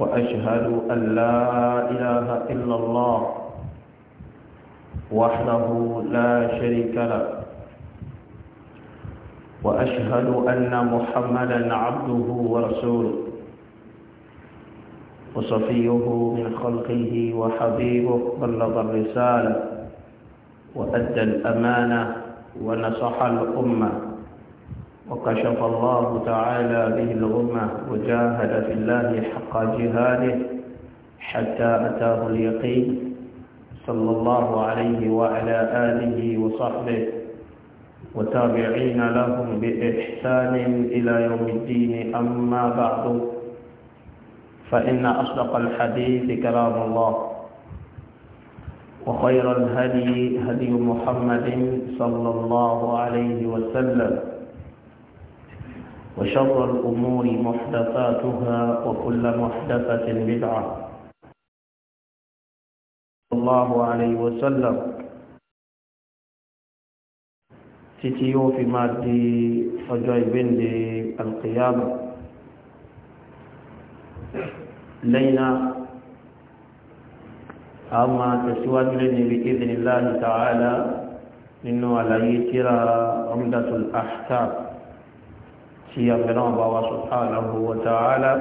وأشهد أن لا إله إلا الله وحده لا شريك له وأشهد أن محمدا عبده ورسوله وصفيه من خلقه وحبيبه بلغ الرسالة وأدى الأمانة ونصح الأمة وكشف الله تعالى به الغمة وجاهد في الله حق جهاده حتى أتاه اليقين صلى الله عليه وعلى آله وصحبه وتابعين لهم بإحسان إلى يوم الدين أما بعد فإن أصدق الحديث كلام الله وخير الهدي هدي محمد صلى الله عليه وسلم وشر الأمور محدثاتها وكل محدثة بدعة الله عليه وسلم تتيو في مادي فجايبين دي القيامة لينا أما تسواج لني بإذن الله تعالى إنه على يترى عمدة الأحكام tí a fẹ́ náà bá wá subhanahu wa ta'ala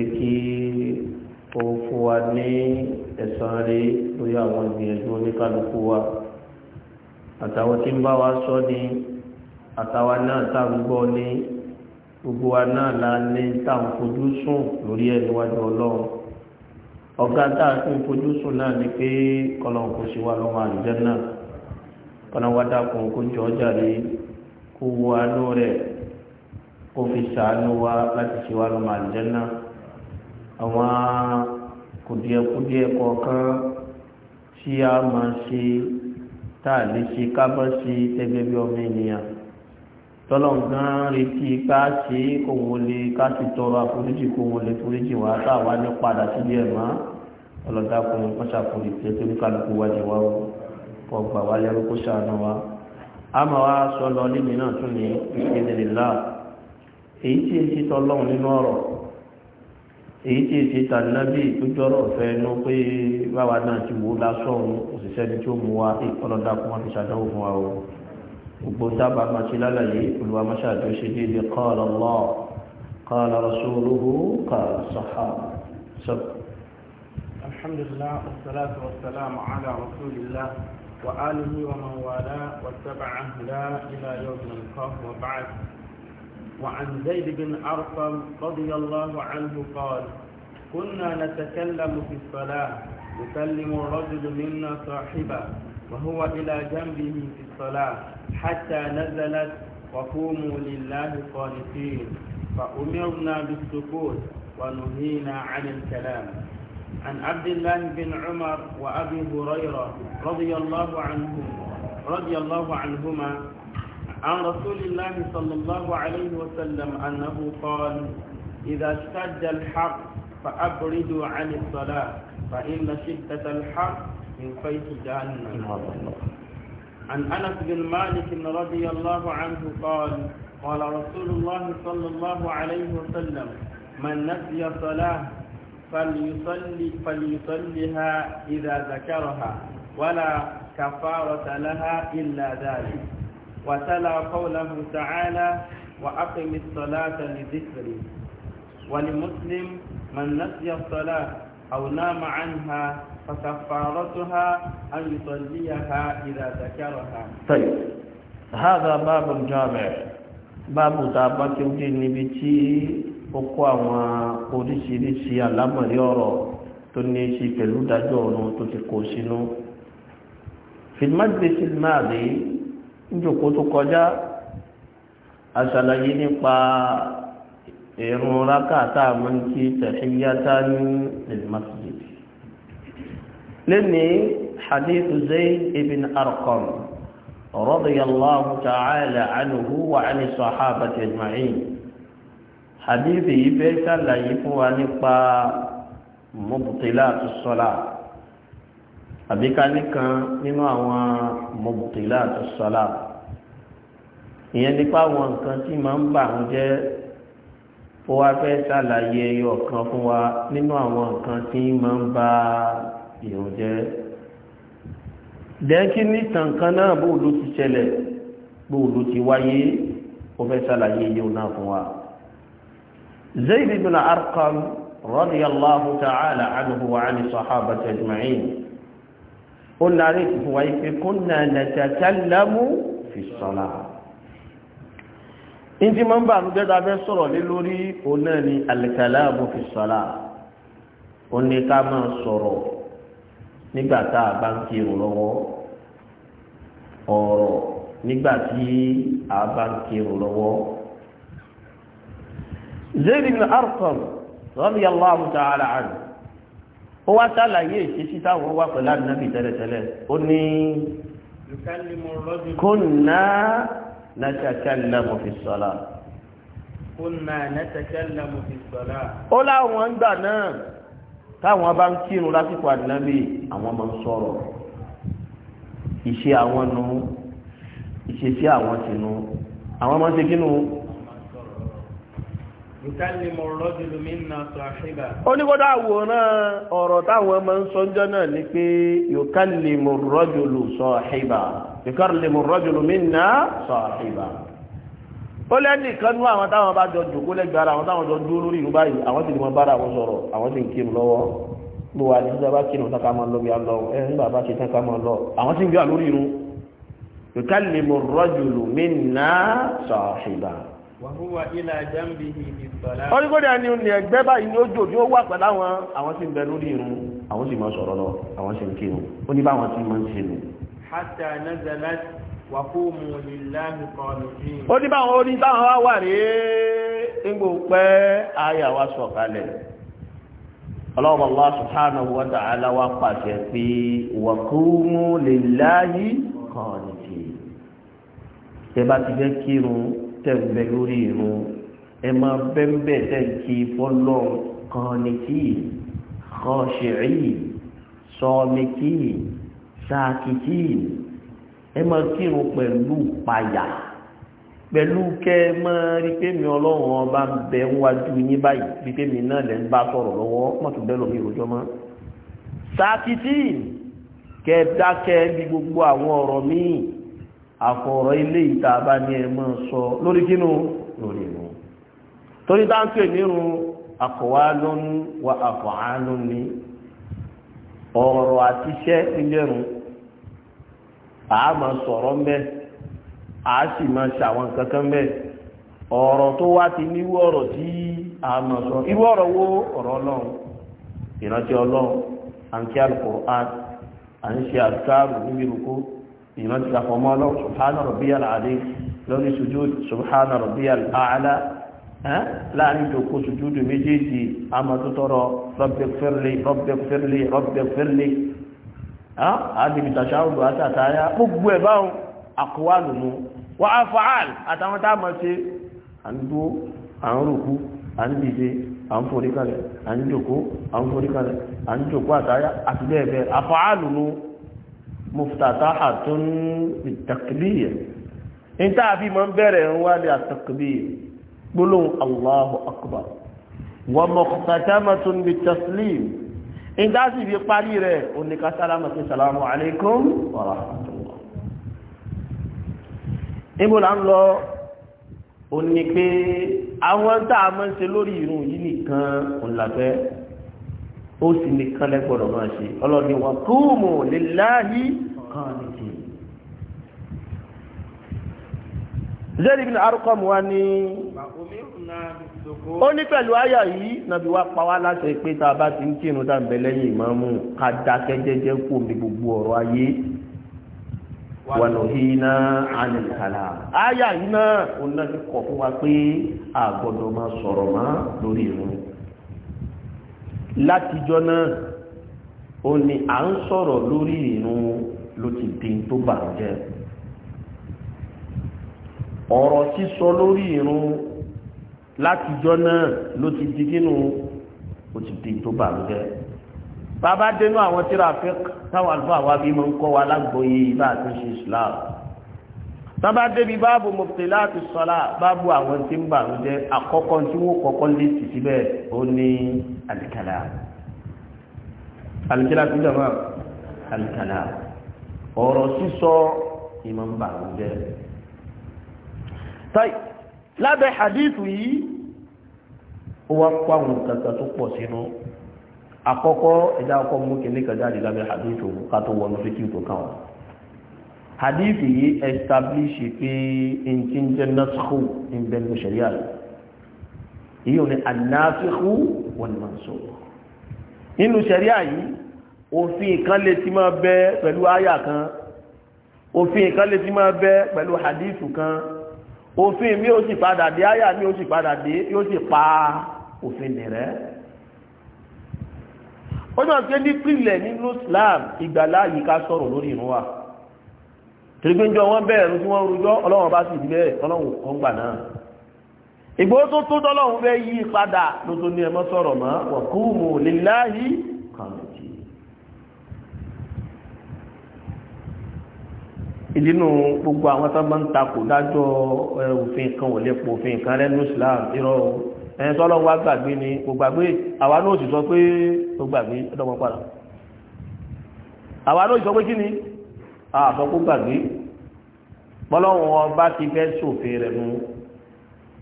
èkí ó fún wa ní ẹ̀sán rí lórí àwọn ìgbìyànjú oníkálukú wa àtàwọn tí ń bá wa sọ ní àtàwa náà tá ń gbọ́ ní gbogbo wa náà la ní tá sùn lórí ẹ̀ ọlọ́run ọ̀gá tá fojú sùn náà ni pé kọ́lọ́n kò sí wa lọ́wọ́ àlùjẹ́ náà kọ́lọ́n wá dákun jọ ọjà kó wo àánú rẹ̀ kó fi sàánú wa láti ṣe wá lọ́mọ àlùjànnà àwọn kùdìẹ̀kùdìẹ̀ kọ̀ọ̀kan tí a máa ṣe tá a lè ṣe ká bọ́ sí tẹ́gbẹ́ bí ọmọ ènìyàn tọ́lọ̀ gan retí ká ṣe kó wọ́n lè ká sì tọrọ àforíjì kó wọ́n lè foríjì wá táwa ní padà síbi ẹ̀ mọ́ ọlọ́dàkùn kó ṣàforí tẹ́ tó ní kálukú wájú wa o kó gbà wá lẹ́rú kó ṣàánú wa. a máa wá sọ lọ níbi náà tún ní ìṣẹ́lẹ̀ láà èyí tí èsì tọ́lọ́run nínú ọ̀rọ̀ èyí tí èsì tànàbí ìtújọ́rọ̀ fẹ́ nu pé báwa náà ti wò lásọ̀run òṣìṣẹ́ ni tí ó mú wa ìkọlọ́dá fún wọn fi ṣàdánwò fún wa o gbogbo dábàá máa ti lálàyé olùwà mọ́ṣáàdì ó ṣe déédéé qala Allah qala rasuluhu qala sahaba sọ́kù. alhamdulillah wassalatu wassalamu ala rasulillah wa alihi wa man wa tabi'a huda ila yawm al-qiyamah wa ba'd وعن زيد بن أرقم رضي الله عنه قال كنا نتكلم في الصلاة يكلم الرجل منا صاحبه وهو إلى جنبه في الصلاة حتى نزلت وقوموا لله قانتين فأمرنا بالسكوت ونهينا عن الكلام عن عبد الله بن عمر وأبي هريرة رضي الله عنهما رضي الله عنهما عن رسول الله صلى الله عليه وسلم أنه قال إذا اشتد الحق فأبردوا عن الصلاة فإن شدة الحق من فيح جهنم عن أنس بن مالك رضي الله عنه قال قال رسول الله صلى الله عليه وسلم من نسي صلاة فليصلي فليصليها إذا ذكرها ولا كفارة لها إلا ذلك وتلا قوله تعالى وأقم الصلاة لذكري ولمسلم من نسي الصلاة أو نام عنها فكفارتها أن يصليها إذا ذكرها طيب هذا باب جامع باب تابك يمكن نبتي ọkọ̀ àwọn oríṣiríṣi àlámọ̀rí ọ̀rọ̀ tó ní ṣe pẹ̀lú dájọ́ ọ̀run tó ti kó sínú níjòkó tó kọjá aṣàlàyé nípa ìrun rákàtà mọ́ǹkì tahiyyatan lil masjid lẹ́ni hadith zayd ibn arqam radiyallahu ta'ala anhu wa ani sahabati ajma'in hadith yìí fẹ́ ṣàlàyé fún wa nípa mubtilatu salat àbí ká nìkan nínú àwọn mọ̀bùtìlá àtọ̀sọ́lá ìyẹn nípa àwọn nǹkan tí máa ń bà ń jẹ́ ó wá fẹ́ ṣàlàyé ẹyọ kan fún wa nínú àwọn nǹkan tí máa ń bà ìrun jẹ́ dẹ́kí ní tànkan náà bó ti ṣẹlẹ̀ bó ti wáyé ó fẹ́ ṣàlàyé ẹyọ náà fún wa zayd ibn arqam radiyallahu ta'ala anhu wa ani sahabati ajma'in ó larí ìfún wa ìfẹ́ kó nà natakallamu fi sọ́lá in ti mọ́mbà àmúgẹ́ta fẹ́ sọ̀rọ̀ lé lórí òun náà ni al-kalamu fi sọ́lá ó ní ká máa sọ̀rọ̀ nígbà tá a bá ń kírun lọ́wọ́ ọ̀rọ̀ nígbà tí a bá ń kírun lọ́wọ́ Zayd ibn Arqam radiyallahu ta'ala anhu ó wá sàlàyé ìṣesí táwọn wà pẹ̀lú ànábì tẹ́lẹ̀tẹ́lẹ̀ ó ní kúnnà natakallamu fi sọ́lá kúnnà natakallamu fi sọ́lá ó láwọn ń gbà náà táwọn bá ń kírun lásìkò ànábì àwọn máa ń sọ̀rọ̀ àwọn nu ìṣesí àwọn tinú àwọn máa ń kínú onígbọ́dọ̀ àwòrán ọ̀rọ̀ táwọn ọmọ ń sọ́njọ́ náà ni pé yukallimu rajulu sahiba yukallimu rajulu minna sahiba ó lẹ́nì kan ní àwọn táwọn bá jọ jòkó lẹ́gbẹ̀ẹ́ ara àwọn táwọn jọ dúró lórí ìlú báyìí àwọn sì ni wọ́n bára wọn sọ̀rọ̀ àwọn sì ń kírun lọ́wọ́ bó wà ní sábà wọ́n ní kó dẹ̀ ni ní ẹgbẹ́ báyìí ní ó jò ní ó wà pẹ̀lú àwọn àwọn tí ń bẹ lórí irun àwọn sì máa sọ̀rọ̀ lọ àwọn sì ń kírun ó ní báwọn tí máa ń ṣe nù. hatta nazalat wa ó ní báwọn wá wà rí ńgbò pẹ́ àyà wa sọ̀kalẹ̀ ọlọ́wọ́ Allah subhanahu wa ta'ala wa pàṣẹ pé wa qumu lillahi qanitin tẹ̀m̀bẹ̀ lórí ìrun ẹ máa bẹ́ńbẹ̀ tẹ̀ǹkì fọ́lọ́ kọ́nìkì kọ́ṣẹ̀rì sọ́ọ̀mìkì sáàkìkì ẹ máa kírun pẹ̀lú payà pẹ̀lú kẹ́ ẹ máa rí pẹ́mi ọlọ́run ọba ń bẹ wájú yín báyìí rí pẹ́mi náà lẹ́ ń bá sọ̀rọ̀ lọ́wọ́ mọ̀tò bẹ́ẹ̀ lọ́mọ ìròjọ́ mọ́ sáàkìkì kẹ́ dákẹ́ bí gbogbo àwọn ọ̀rọ̀ míì àfọ̀rọ̀ ilé ìta bá ní ẹmọ́ sọ lórí kínú lórí ìrun torí táǹkì nírun wa àfọ̀hánúni ọ̀rọ̀ àti iṣẹ́ nílẹ̀rùn a ma sọ̀rọ̀ mẹ́ a sì ma ṣàwọn kankan mẹ́ ọ̀rọ̀ tó wá ti ọ̀rọ̀ tí sọ irú ọ̀rọ̀ wo ọ̀rọ̀ ọlọ́run ìrántí ọlọ́run ìmọ̀ ti dàpọ̀ mọ́ lọ subhana rabbiyal azim lórí sujud subhana rabbiyal a'la láàrin ìjòkó sujudu méjèèjì amadutọrọ rabbighfirli rabbighfirli rabbighfirli àdìbì tàṣáwùdù àti àtàyà gbogbo ẹ̀ báwọn àkọwàlù mú wà á fa'al àtàwọn táàmà ṣe àdúgbò àwọn rùkú àdìbìdé àwọn foríkalẹ̀ àdìjòkó àwọn foríkalẹ̀ àdìjòkó àtàyà àti bẹ́ẹ̀ muftatahatun bitakbir níta àfi máa ń bẹ̀rẹ̀ ń wá ní àtakbir gbólóhùn allahu akbar wa muftatamatun bitaslim níta sì fi parí rẹ̀ oníkà sálámà sí salamu alaykum wa rahmatullah ibo là ń lọ òní pé àwọn tá a máa ń ṣe lórí irun yìí nìkan òun làbẹ́ ó sì nìkan lẹ́gbọ̀dọ̀ máa ṣe ọlọ́ni wà kúùmù lillahi kánìtì zẹ́rì bí arúkọ̀mù wa ní ó ní pẹ̀lú àyà yìí nàbí wá pa wá láṣẹ pé tá a bá ti ń kírun dáńbẹ́ lẹ́yìn ìmáàmù ká dákẹ́ jẹ́jẹ́ kú omi gbogbo ọ̀rọ̀ ayé wàlòhínà ànìkàlà. àyà yìí náà òun náà ti kọ̀ fún wa pé a máa sọ̀rọ̀ mọ́ lórí ìrun látijọ́ náà ó ní à ń sọ̀rọ̀ lórí ìrun ló ti di tó bà ń jẹ́ ọ̀rọ̀ sísọ lórí ìrun látijọ́ náà ló ti di kínú ó ti di tó bà ń jẹ́ bàbá dénú àwọn tíra fẹ́ táwọn àlùfáà wa bí ń kọ́ wa lágbóyè ibà àti Islam sábà débi báàbù mubtilati sọ́lá báàbù àwọn tí ń bàrún jẹ́ àkọ́kọ́ tí wọ́n kọ́kọ́ lè sì síbẹ̀ ó ní àlìkàlà àlìkàlà tó jẹ́ máa ọ̀rọ̀ sísọ ìmọ̀ ń bàrún jẹ́ táì lábẹ́ hadithu yìí ó wá kó àwọn kankan tó pọ̀ sínú àkọ́kọ́ ẹ̀dá e ọkọ̀ mú kìnnìkan jáde lábẹ́ hadithu ká tó wọnú fíkì tó kàn hadith yìí establish pé nǹkan jẹ́ nasikhu nbẹ̀ ní sẹ̀ríà rẹ̀ èyí ò ní anáfíkú wal mansukh nínú sẹ̀ríà yìí òfin kan lè ti máa bẹ pẹ̀lú àyà kan òfin kan lè ti máa bẹ pẹ̀lú hadith kan òfin mi ó sì padà dé àyà mi ó sì padà dé yóò sì pa òfin nìrẹ́ ó náà pé ní pìlẹ̀ nínú Islam ìgbàláyìí ká sọ̀rọ̀ lórí ìrún wa tìrìgbìnjọ wọn bẹ̀rẹ̀ tí wọ́n rújọ́ ọlọ́run bá sì ti bẹ́ẹ̀ ọlọ́run kan gbà náà ìgbó tó tó tọ́lọ́run fẹ́ yí padà ló tó ní ẹmọ́ sọ̀rọ̀ mọ́ wa qumu lillahi kàmìtì ìdínú gbogbo àwọn tó máa ń takò dájọ́ òfin kan ò lè pọ̀ òfin kan lẹ́nu Islam irọ́ ẹni tọ́lọ́run wá gbàgbé ni kò gbàgbé àwa náà sì sọ pé ó gbàgbé ọdọ́ padà àwa náà sì sọ pé kí ni àtọ́kù ah, gbàgbé pọ́lọ́wọ́n ọba ti fẹ́ sòfin rẹ̀ mú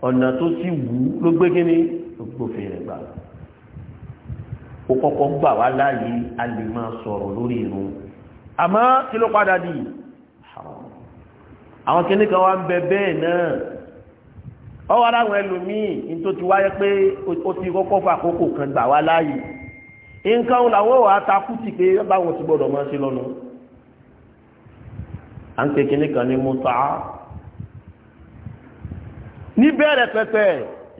ọ̀nà tó sì wù ú ló gbé kí ni gbòfin rẹ̀ gbà ó kọ́kọ́ gbà wá láàyè a lè máa sọ̀rọ̀ lórí irun àmọ́ kí ló padà di àwọn kìnnìkan wa ń bẹ bẹ́ẹ̀ náà ọwọ́ ara àwọn ẹlòmíì tó ti wáyé pé ó ti kọ́kọ́ fún àkókò kan gbà wá láàyè nǹkan làwọn ò wá takú ti pé báwọn ti gbọ́dọ̀ máa ṣe lọ́nà à ń kékeré kan ní mọ́tà níbẹ̀rẹ̀ pẹ́pẹ́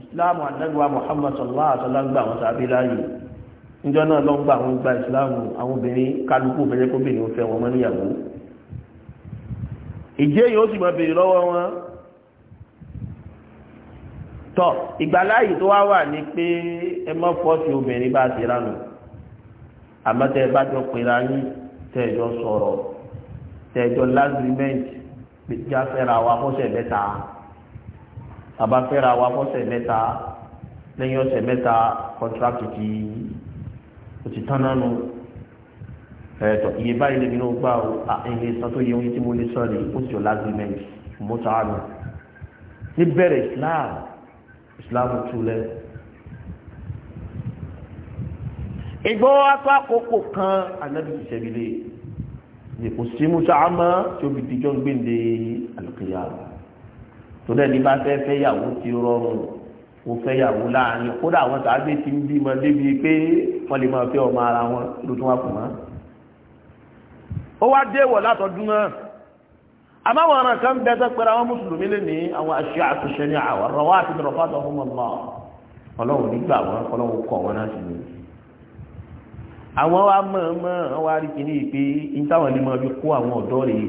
ìsìláàmù àdẹ́gbà Muhammad sallallahu alaihi wasallam gbà wọn sábẹ́ láàyè níjọ́ náà lọ gbà wọn gba ìsìláàmù àwọn obìnrin kálukú obìnrin kó bìnrin fẹ́ wọn mọ́ níyàwó ìjẹ́ yìí ó sì mọ̀ bèrè lọ́wọ́ wọn tọ́ ìgbàláyì tó wá wà ní pé ẹ mọ́ fọ́ọ̀sì obìnrin bá ti ránù àmọ́ tẹ́ ẹ bá jọ pera yín tẹ́ ẹ jọ sọ̀rọ̀ tẹjọ lásìrìmẹǹtì gbèjà fẹ́ra wa fọ́sẹ̀ mẹ́ta bàbá fẹ́ra wa fọ́sẹ̀ mẹ́ta lẹ́yìn ọ̀sẹ̀ mẹ́ta kọ́ńtrákì ti o ti tán nánu ẹ̀tọ́ iye báyìí lèmi náà gbà ó àìlè san tó yẹ oyin tí mo lè sọ ni ó sì jọ lásìrìmẹǹtì mọ́tò àná níbẹ̀rẹ̀ Islam Islam túlẹ̀ ìgbọ́ apá àkókò kan ànábì ìṣẹ́bílẹ̀ kò sí musa ama tí o fi dijọ́ gbéǹde àlùkìyà tó dẹ́ ní bá fẹ́ fẹ́yàwó ti rọrùn o fẹ́yàwó láàrin kódà àwọn sàábé ti ń bímọ débi pé wọ́n lè máa fẹ́ ọmọ ara wọn ló tún wá kù mọ́. ó wá déwọ̀ látọ̀dún náà àmọ́ ọ̀ràn kan bẹ́ẹ̀ sẹ́pẹ̀rẹ̀ àwọn mùsùlùmí lè ní àwọn aṣọ àtúnṣe ní àwọn ọ̀rọ̀ àti ìdọ̀rọ̀fà tó fún ọmọ ọlọ́run nígbà wọn ọlọ́run kọ̀ wọn náà sì àwọn wa mọ̀ọ́mọ́ wa rí kìíní pé in táwọn lè máa fi kó àwọn ọ̀dọ́ rèé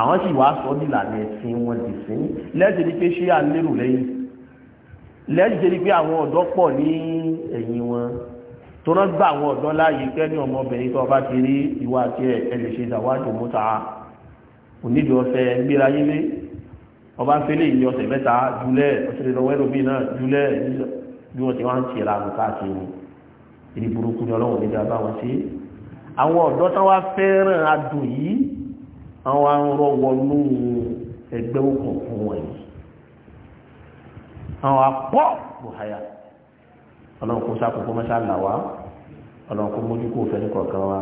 àwọn sì wá sọ dìlà ní ẹ̀sìn wọn dì sí lẹ́sìn ni pé ṣé à ń lérò lẹ́yìn lẹ́sìn ní pé àwọn ọ̀dọ́ pọ̀ ní ẹ̀yìn wọn tó rán gbà àwọn ọ̀dọ́ láàyè kẹ́ni ọmọbìnrin tó bá ti rí ìwà àti ẹ̀lẹ̀ ṣe ìdáwádìí mọ́ta onídìí ọ̀fẹ́ gbéra yílé ọba fẹ́lẹ̀ ìyẹn ọ̀sẹ̀ mẹ́ta júlẹ̀ ọ̀sẹ̀ lọ́wọ́ ẹ̀rọ bíi bí wọ́n ti wá ń tiẹ̀ ra àbùkà ìdí burúkú ni ọlọ́run nígbà bá wọn ṣe àwọn ọ̀dọ́ tán wá fẹ́ràn adùn yìí àwọn arọ wọnú ẹgbẹ́ òkùnkùn wọ̀nyí àwọn apọ́ buhaya ọlọ́run kó sákòókò mọ́ṣá là wá ọlọ́run kó mójú kó fẹ́ ní kọ̀ọ̀kan wa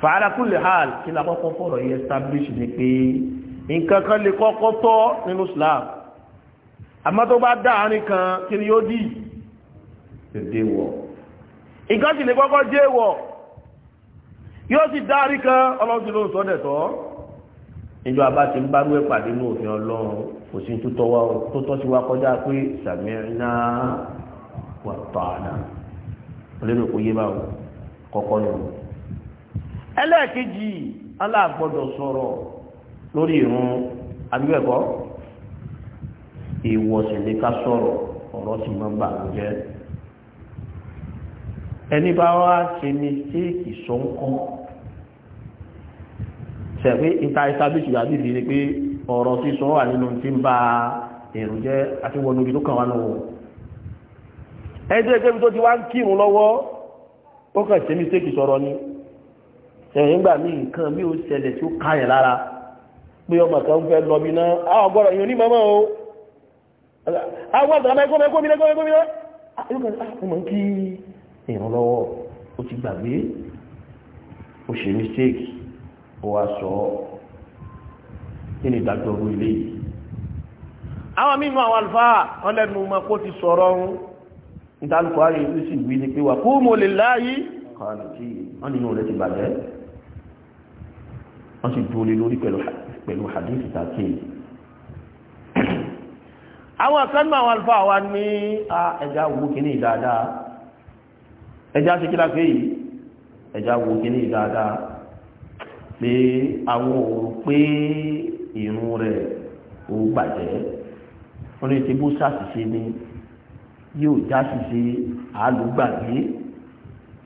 fàálà kúlẹ̀ hàn kí la kọ́kọ́ fọ̀rọ̀ yẹ establish ni pé nǹkan kan lè kọ́kọ́ tọ́ nínú Islam àmọ́ tó bá dáa ní kí ni yóò dì èdè wọ̀ nǹkan sì lè kọ́kọ́ jẹ́ wọ̀ yóò sì dárí kan ọlọ́run ti ló ń sọ́dẹ̀ tọ́ ìjọ àbá ti ń pàdé ní òfin ọlọ́run kò sí tó tọ́ sí wa kọjá pé sàmìnà wà tọ́ànà olórí kò yé báwo kọ́kọ́ ẹlẹ́ẹ̀kejì aláàgbọ́dọ̀ sọ̀rọ̀ lórí abíwẹ̀kọ́ ẹni bá wá ṣe mistake sọ́nkọ́ ṣẹ̀fẹ́ ìta ìsàbíṣì àbíṣì ni pé ọ̀rọ̀ sísọ wà nínú tí ń bá èrò jẹ́ àti wọnú ibi tó kàn wá lọ́wọ́ ẹjọ́ ẹgbẹ́ tó ti wá ń kírun lọ́wọ́ ó kàn ṣe mistake sọ̀rọ̀ ni ẹ̀yìn gbà mí nǹkan bí ó ṣẹlẹ̀ tí ó káyẹ̀ lára pé ọmọ kan fẹ́ lọ náà àwọn ọgbọ́rọ̀ ìyọ̀ní mọ́mọ́ o àwọn ọgbọ́rọ̀ mẹ́kọ́ ìrànlọ́wọ́ ó ti gbàgbé ó ṣe mistake ó wá sọ ọ́ kí ni ìdájọ́ orú ilé yìí. àwọn mímu àwọn àlùfáà wọn lẹ́nu kó ti sọ̀rọ̀ ọ̀hún ìdálùkọ́ ààrẹ ìlú sì wí ni pé wà kó mo lè láàyè kan tí wọ́n nínú rẹ̀ ti bàjẹ́ wọ́n sì dúró lé lórí pẹ̀lú hadith tàkì àwọn akẹ́nu àwọn àlùfáà wa ní ah, ẹja wo kìíní dáadáa ẹjá ṣe kí lápé yìí ẹjá wo kíní dáadáa pé àwọn òòrùn pé ìrun rẹ̀ ò bàjẹ́ wọ́n ní ti bó ṣàṣìṣe ni yóò já ṣìṣe àlùgbàgbé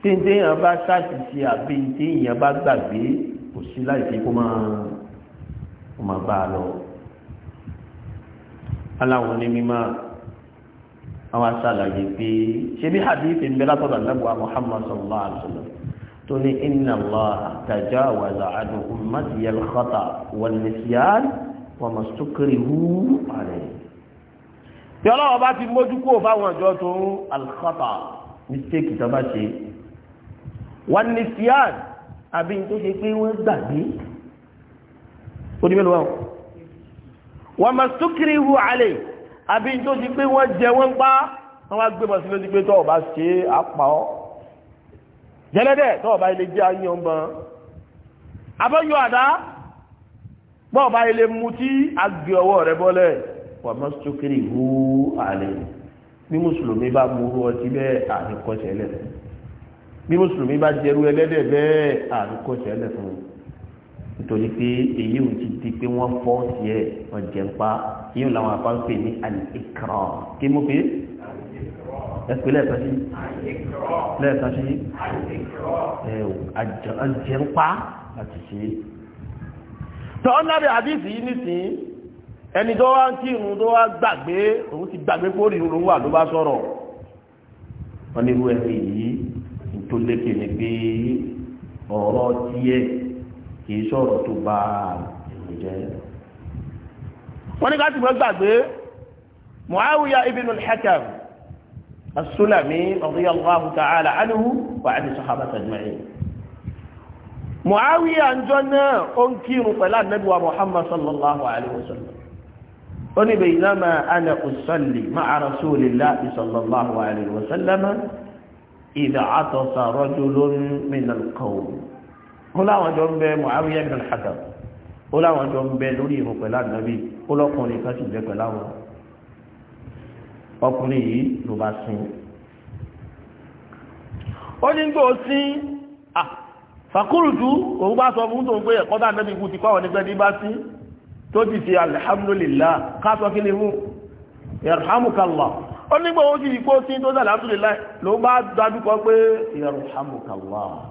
tí téèyàn bá ṣàṣìṣe àbí téèyàn bá gbàgbé kò sí láì fi kó máa bá a lọ. aláwọn ní àwọn aṣàlàyé pé ṣe bí hadith ń bẹ látọ̀dọ̀ anábùwà muhammad sallallahu alaihi wasallam tó ní inna allaha tajawaza an ummati al-khata wal nisyan wa mastukrihu alayhi tí ọlọ́wọ́ bá ti mójú kó fáwọn ọjọ́ tó ń al-khata mistake tó bá ṣe wal nisyan àbí tó ṣe pé wọ́n gbàgbé onímọ̀lúwà wọ́n mastukrihu alayhi àbí tó ti pé wọ́n jẹ wọ́n ń pa wọ́n wá gbé bọ̀ sí lójú pé tọ́ọ̀ bá ṣe é àpá ọ́ jẹ́lẹ́dẹ̀ tọ́ọ̀ bá ilé jẹ́ ayé ọmọ abọ́yọ àdá bọ́ọ̀ bá ilé mutí agbè ọwọ́ rẹ bọ́lẹ̀ wà má sókèrè hú àlè bí mùsùlùmí bá mú ọtí bẹ́ẹ̀ àríkọ́ṣẹ́lẹ̀ bí mùsùlùmí bá jẹrú ẹlẹ́dẹ̀ bẹ́ẹ̀ àríkọ́ṣẹ́lẹ̀ fún un nítorí pé èyí ò ti di pé wọ́n fọ́ sí ẹ̀ wọ́n ń pa yíò làwọn àpá ń pè ní àìkìrọ̀ kí mo pé ẹ pé lẹ́ẹ̀kan sí lẹ́ẹ̀kan sí ẹ ò àjẹ́ ń pa àti ṣe tọ́ ọ́nàbẹ̀ àdìsí yìí nísìnyí ẹni tó wá ń kírun tó wá gbàgbé òun ti gbàgbé pórí òun wà ló bá sọ̀rọ̀ wọ́n ní irú ẹni yìí tó pé ọ̀rọ̀ tiẹ̀ kì í sọ̀rọ̀ tó bá èrò jẹ́ wọ́n ní ká ti mọ́ gbàgbé Muawiya ibn al-Hakam as-Sulami radiyallahu ta'ala anhu wa ani sahaba tajma'in Muawiya njọ́ náà ó ń kírun pẹ̀lú anabiwa Muhammad sallallahu alayhi wa sallam ó ní baynama ana usalli ma'a rasulillahi sallallahu alayhi wa sallam idh atasa rajulun min al ó láwọn jọ ń bẹ Muawiya ibn al-Hakam ó láwọn jọ ń bẹ lórí ìrun pẹ̀lú ànábì ó lọ́kùnrin kan sì jẹ́ pẹ̀lú àwọn ọkùnrin yìí ló bá sin ó ní gbò sí fàkúrùtù òun bá sọ fún tóun pé ẹ̀kọ́ tá ànábì kú ti kọ́ àwọn ẹgbẹ́ ní bá sí tó ti fi alhamdulillah ká sọ kí ni mú yarhamukallah ó nígbà ó sì kó sí tó sàlámùlélá ló bá dájú kọ pé yarhamukallah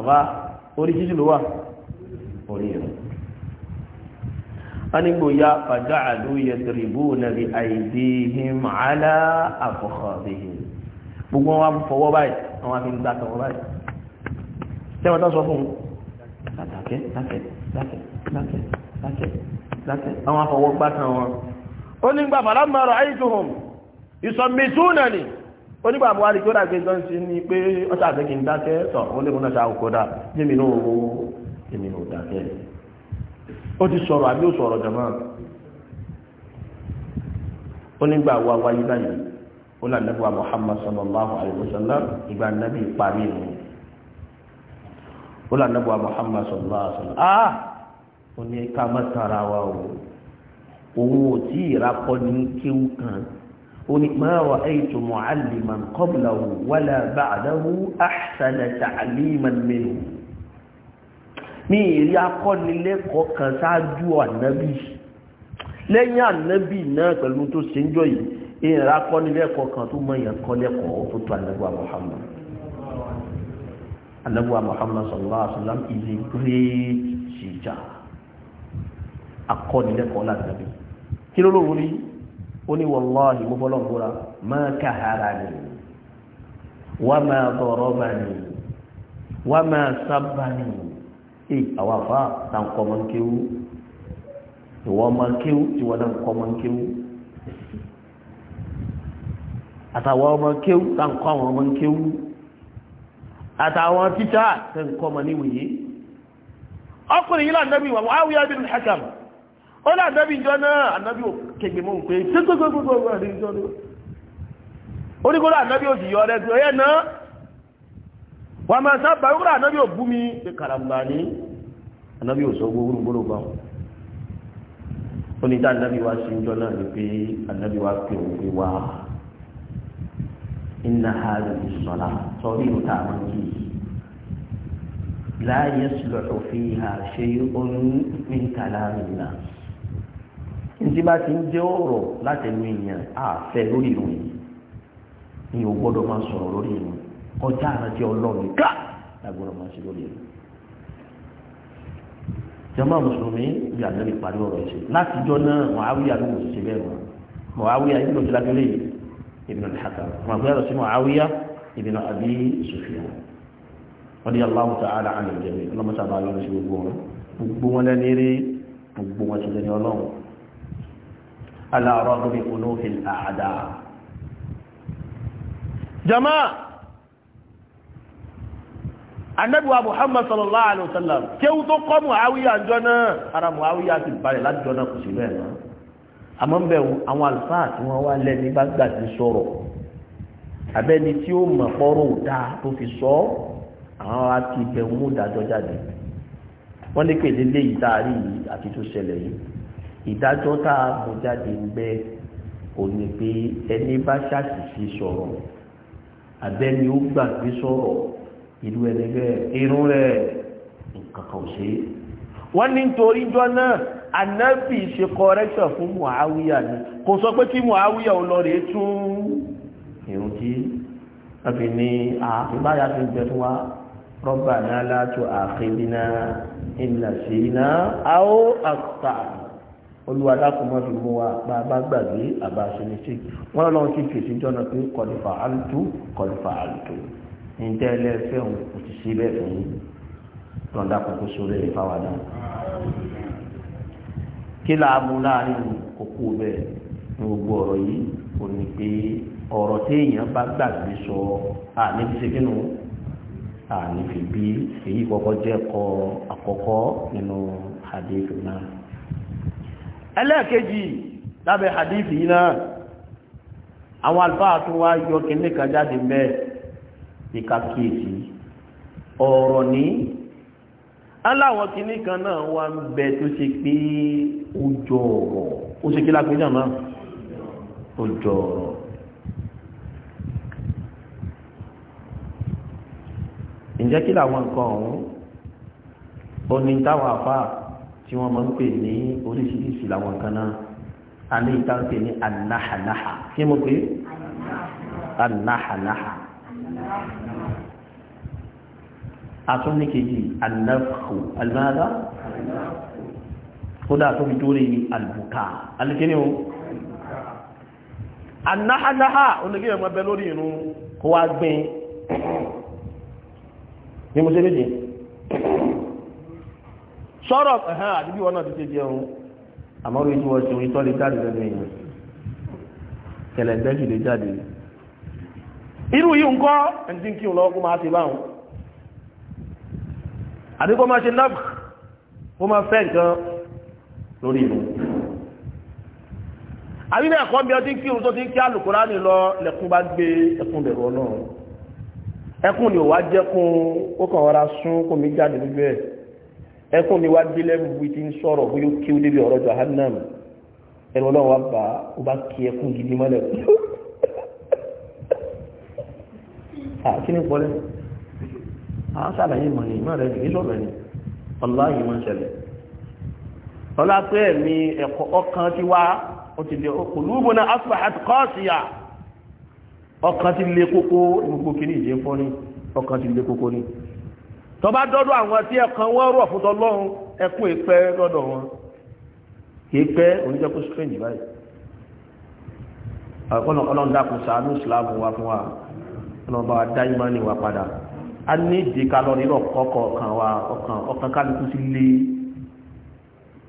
àbá orí jíjì ló wà orí rẹ̀ anigboya fàjá àlú yẹtìrìbù nàbí àìdíhìm àlá àfọ̀kọ̀bìhìm gbogbo wọn fọwọ́ báyìí àwọn afi ń gbà tọwọ́ báyìí tẹ́wọ́n tó sọ fún un látàkẹ́ látẹ̀ látẹ̀ látẹ̀ látẹ̀ àwọn afọwọ́ onígbà buhari tó dàgbé gan sí ni pé ọ̀sẹ̀ àgbẹ̀kì ń dákẹ́ sọ òun lè mú náà náà náà dákẹ́ ó ti sọ̀rọ̀ àbí ó sọ̀rọ̀ jama onígbà wa wáyé báyìí ó là nàbí wa muhammad sallallahu alayhi wa sallam ìgbà nàbí parí ni ó là nàbí wa muhammad sallallahu alayhi wa sallam ah wa o òun ò tí ì rapọ́ ما رأيت معلما قبله ولا بعده أحسن تعليما منه mi ìrí akọ́nilẹ́kọ̀ọ́ kan ṣáájú ànábì lẹ́yìn ànábì náà pẹ̀lú tó ṣe ń jọ yìí ìrìn akọ́nilẹ́kọ̀ọ́ kan tó mọ èèyàn kọ́lẹ́kọ̀ọ́ tó tó ànábì Muhammad ànábì Muhammad sallallahu alaihi wasallam ó ní wàláhì mo fọlọ́ nbúra máa kàhárà ni wà máa tọ̀rọ̀ bá ni wà máa sábà ni ẹ àwọn afa ta nkọ́ máa ń kéwú ìwọ máa ń kéwú ìwọ náà nkọ́ máa ń kéwú àtàwọn ọmọ kéwú títà ta nkọ́ máa ọkùnrin yìí lànà bí wà wàá wíyá bí nìhàkàmù ó ní ànábì ìjọ náà ànábì ò kègbè mọ́ pé gbogbogbogbo ànábì ìjọ náà ó ní kó ní ànábì ò sì yọ ọ̀rẹ́ tó yẹ náà wà máa sábà ó ní ànábì ò bú mi pé kàràmbà ní ànábì ò sọ gbogbo gbogbo ó ní tá ànábì wá sí ìjọ náà ni pé ntí bá ti ń jẹ́ ọ̀rọ̀ láti ẹnu èèyàn àfẹ́ lórí ìròyìn ni ò gbọ́dọ̀ máa sọ̀rọ̀ lórí ìròyìn ọjà àrántí ọlọ́run ká lágbọ́dọ̀ máa ṣe lórí ìròyìn. jama mùsùlùmí bí ànábì parí ọ̀rọ̀ ṣe látijọ́ náà Muawiya ló ń ṣe bẹ́ẹ̀ mọ́ Muawiya ibn al-Hakam ibn al-Hakam Muawiya lọ sí Muawiya ibn Abi Sufyan radiyallahu ta'ala anhu jami'an ọlọ́mọ sábà yọ gbogbo wọn lẹ́ni rí gbogbo wọn ti lẹ́ni ọlọ́run ala ragmi kunufil a'da jama'a anabiwa muhammad sallallahu alaihi wasallam kéwù tó kọ́ muawiya jọ náà ara muawiya ti balẹ̀ láti jọ náà kò sí bẹ́ẹ̀ náà àmọ́ ń bẹ̀ àwọn àlùfáà tí wọ́n wá lẹ́ni bá gbà ti sọ̀rọ̀ abẹ́ni tí ó mọ̀ pọ́rọ̀ òdá tó fi sọ àwọn ará ti bẹ̀ mú dájọ́ jáde wọ́n ní pèlè léyìí táàrí àti tó ṣẹlẹ̀ yìí ìdájọ́ tá a mú jáde ń bẹ òní pé ẹni bá ṣàṣìṣe sọ̀rọ̀ abẹ́ni ó gbàgbé sọ̀rọ̀ ìlú ẹni bẹ́ẹ̀ irun rẹ̀ nǹkan kan ò ṣe é wọ́n ní nítorí jọ náà anábì ṣe correction fún muawiya ni kò sọ pé kí muawiya ò lọ rèé tún irun tí wọ́n fi ní àbáyá fi gbẹ fún wa rọ́bà náà látò àkébínà ìlàsínà àó àkùtà olúwa dákun mọ́ fi mú wa bá a bá gbàgbé àbá ṣẹlẹ̀ sí wọ́n lọ́wọ́ ti fèsì jọ́nà pé kọ̀lìfà àlùtù kọ̀lìfà àlùtù ǹjẹ́ ẹlẹ́fẹ́ òun kò ti ṣe bẹ́ẹ̀ fún yín lọ́n dákun kó sórí ẹ̀ fáwa náà. kí la mú láàrin òkú bẹ́ẹ̀ ní gbogbo ọ̀rọ̀ yìí kò ní pé ọ̀rọ̀ téèyàn bá gbàgbé sọ àníbi ṣe kínú àníbi bí èyí kọ́kọ́ jẹ́ kọ́ àkọ́kọ́ nínú hadith náà ẹlẹ́ẹ̀kejì lábẹ́ hadith yìí náà àwọn àlùfáà tó wá yọ kíní kan jáde bẹ́ẹ̀ ní ká kíyèsí ọ̀rọ̀ ní aláwọ̀ kíní kan náà wá ń bẹ tó ṣe pé ó ó ṣe kí lápẹ́jà náà ó jọ làwọn nǹkan ọ̀hún ó ní tí wọ́n máa ń pè ní oríṣiríṣi làwọn kan náà a ní ìta ń pè ní anáhànáhà kí mo pè anáhànáhà atún ní kejì anáfù alimada kódà tó fi dúró ní alùbùkà alikini o anáhànáhà onígbé ẹ̀mọ́ bẹ lórí inú kó wá gbin ní mo ṣe méjì sọ̀rọ̀ ẹ̀hán àdúgbò wọn náà ti ṣe jẹun àmọ́ orí tí wọ́n ṣe orin tọ́ lè jáde lẹ́nu èèyàn kẹlẹ̀ǹdẹ́jì lè jáde irú yìí ń kọ́ ẹni tí ń kí òun lọ́wọ́ kó máa ṣe báwọn àdúgbò máa ṣe náà kó máa fẹ́ nǹkan lórí ìlú àbílẹ̀ ẹ̀kọ́ bí ọdún kí irun tó ti ń kí àlùkùránì lọ lẹ́kún bá gbé ẹkún bẹ̀rù ọlọ́run ẹkún ni ò wá jẹ́kún ó kàn rọra sún kómi jáde lójú ẹ̀ ẹkún ni wá délẹ̀ wí ti ń sọ̀rọ̀ bóyá ó kí ó débi ọ̀rọ̀ jahannam ẹ̀rọ náà wá bá ó bá kí ẹkún gidi mọ́lẹ̀ kí ni pọ́lẹ́ àwọn sàlàyé mọ̀ ní ìmọ̀ rẹ̀ ní sọ̀rọ̀ ni ọláyìí máa ń ṣẹlẹ̀ ọlá pé ẹ̀mí ẹ̀kọ́ ọkàn ti wá ó ti lè okùnlúgbò náà asùpà àti kọ́ọ̀sìyà ọkàn ti lè kókó gbogbo kìíní ìjẹ́ fọ́ ní ọkàn ti lè kókó ní tọba dọdọ àwọn tí ẹkan wọn rọ fún tọlọ́run ẹkún ìpẹ lọ́dọ̀ wọn kìí pẹ oníjẹ kó strange báyìí àkọlọ Ọlọ́run dákun ṣàánú wa fún wa Ọlọ́run bá wa dá ìmánì wa padà a ní ìdí kalọ nínú ọkọ ọkàn wa ọkàn ọkàn kálukú sí lé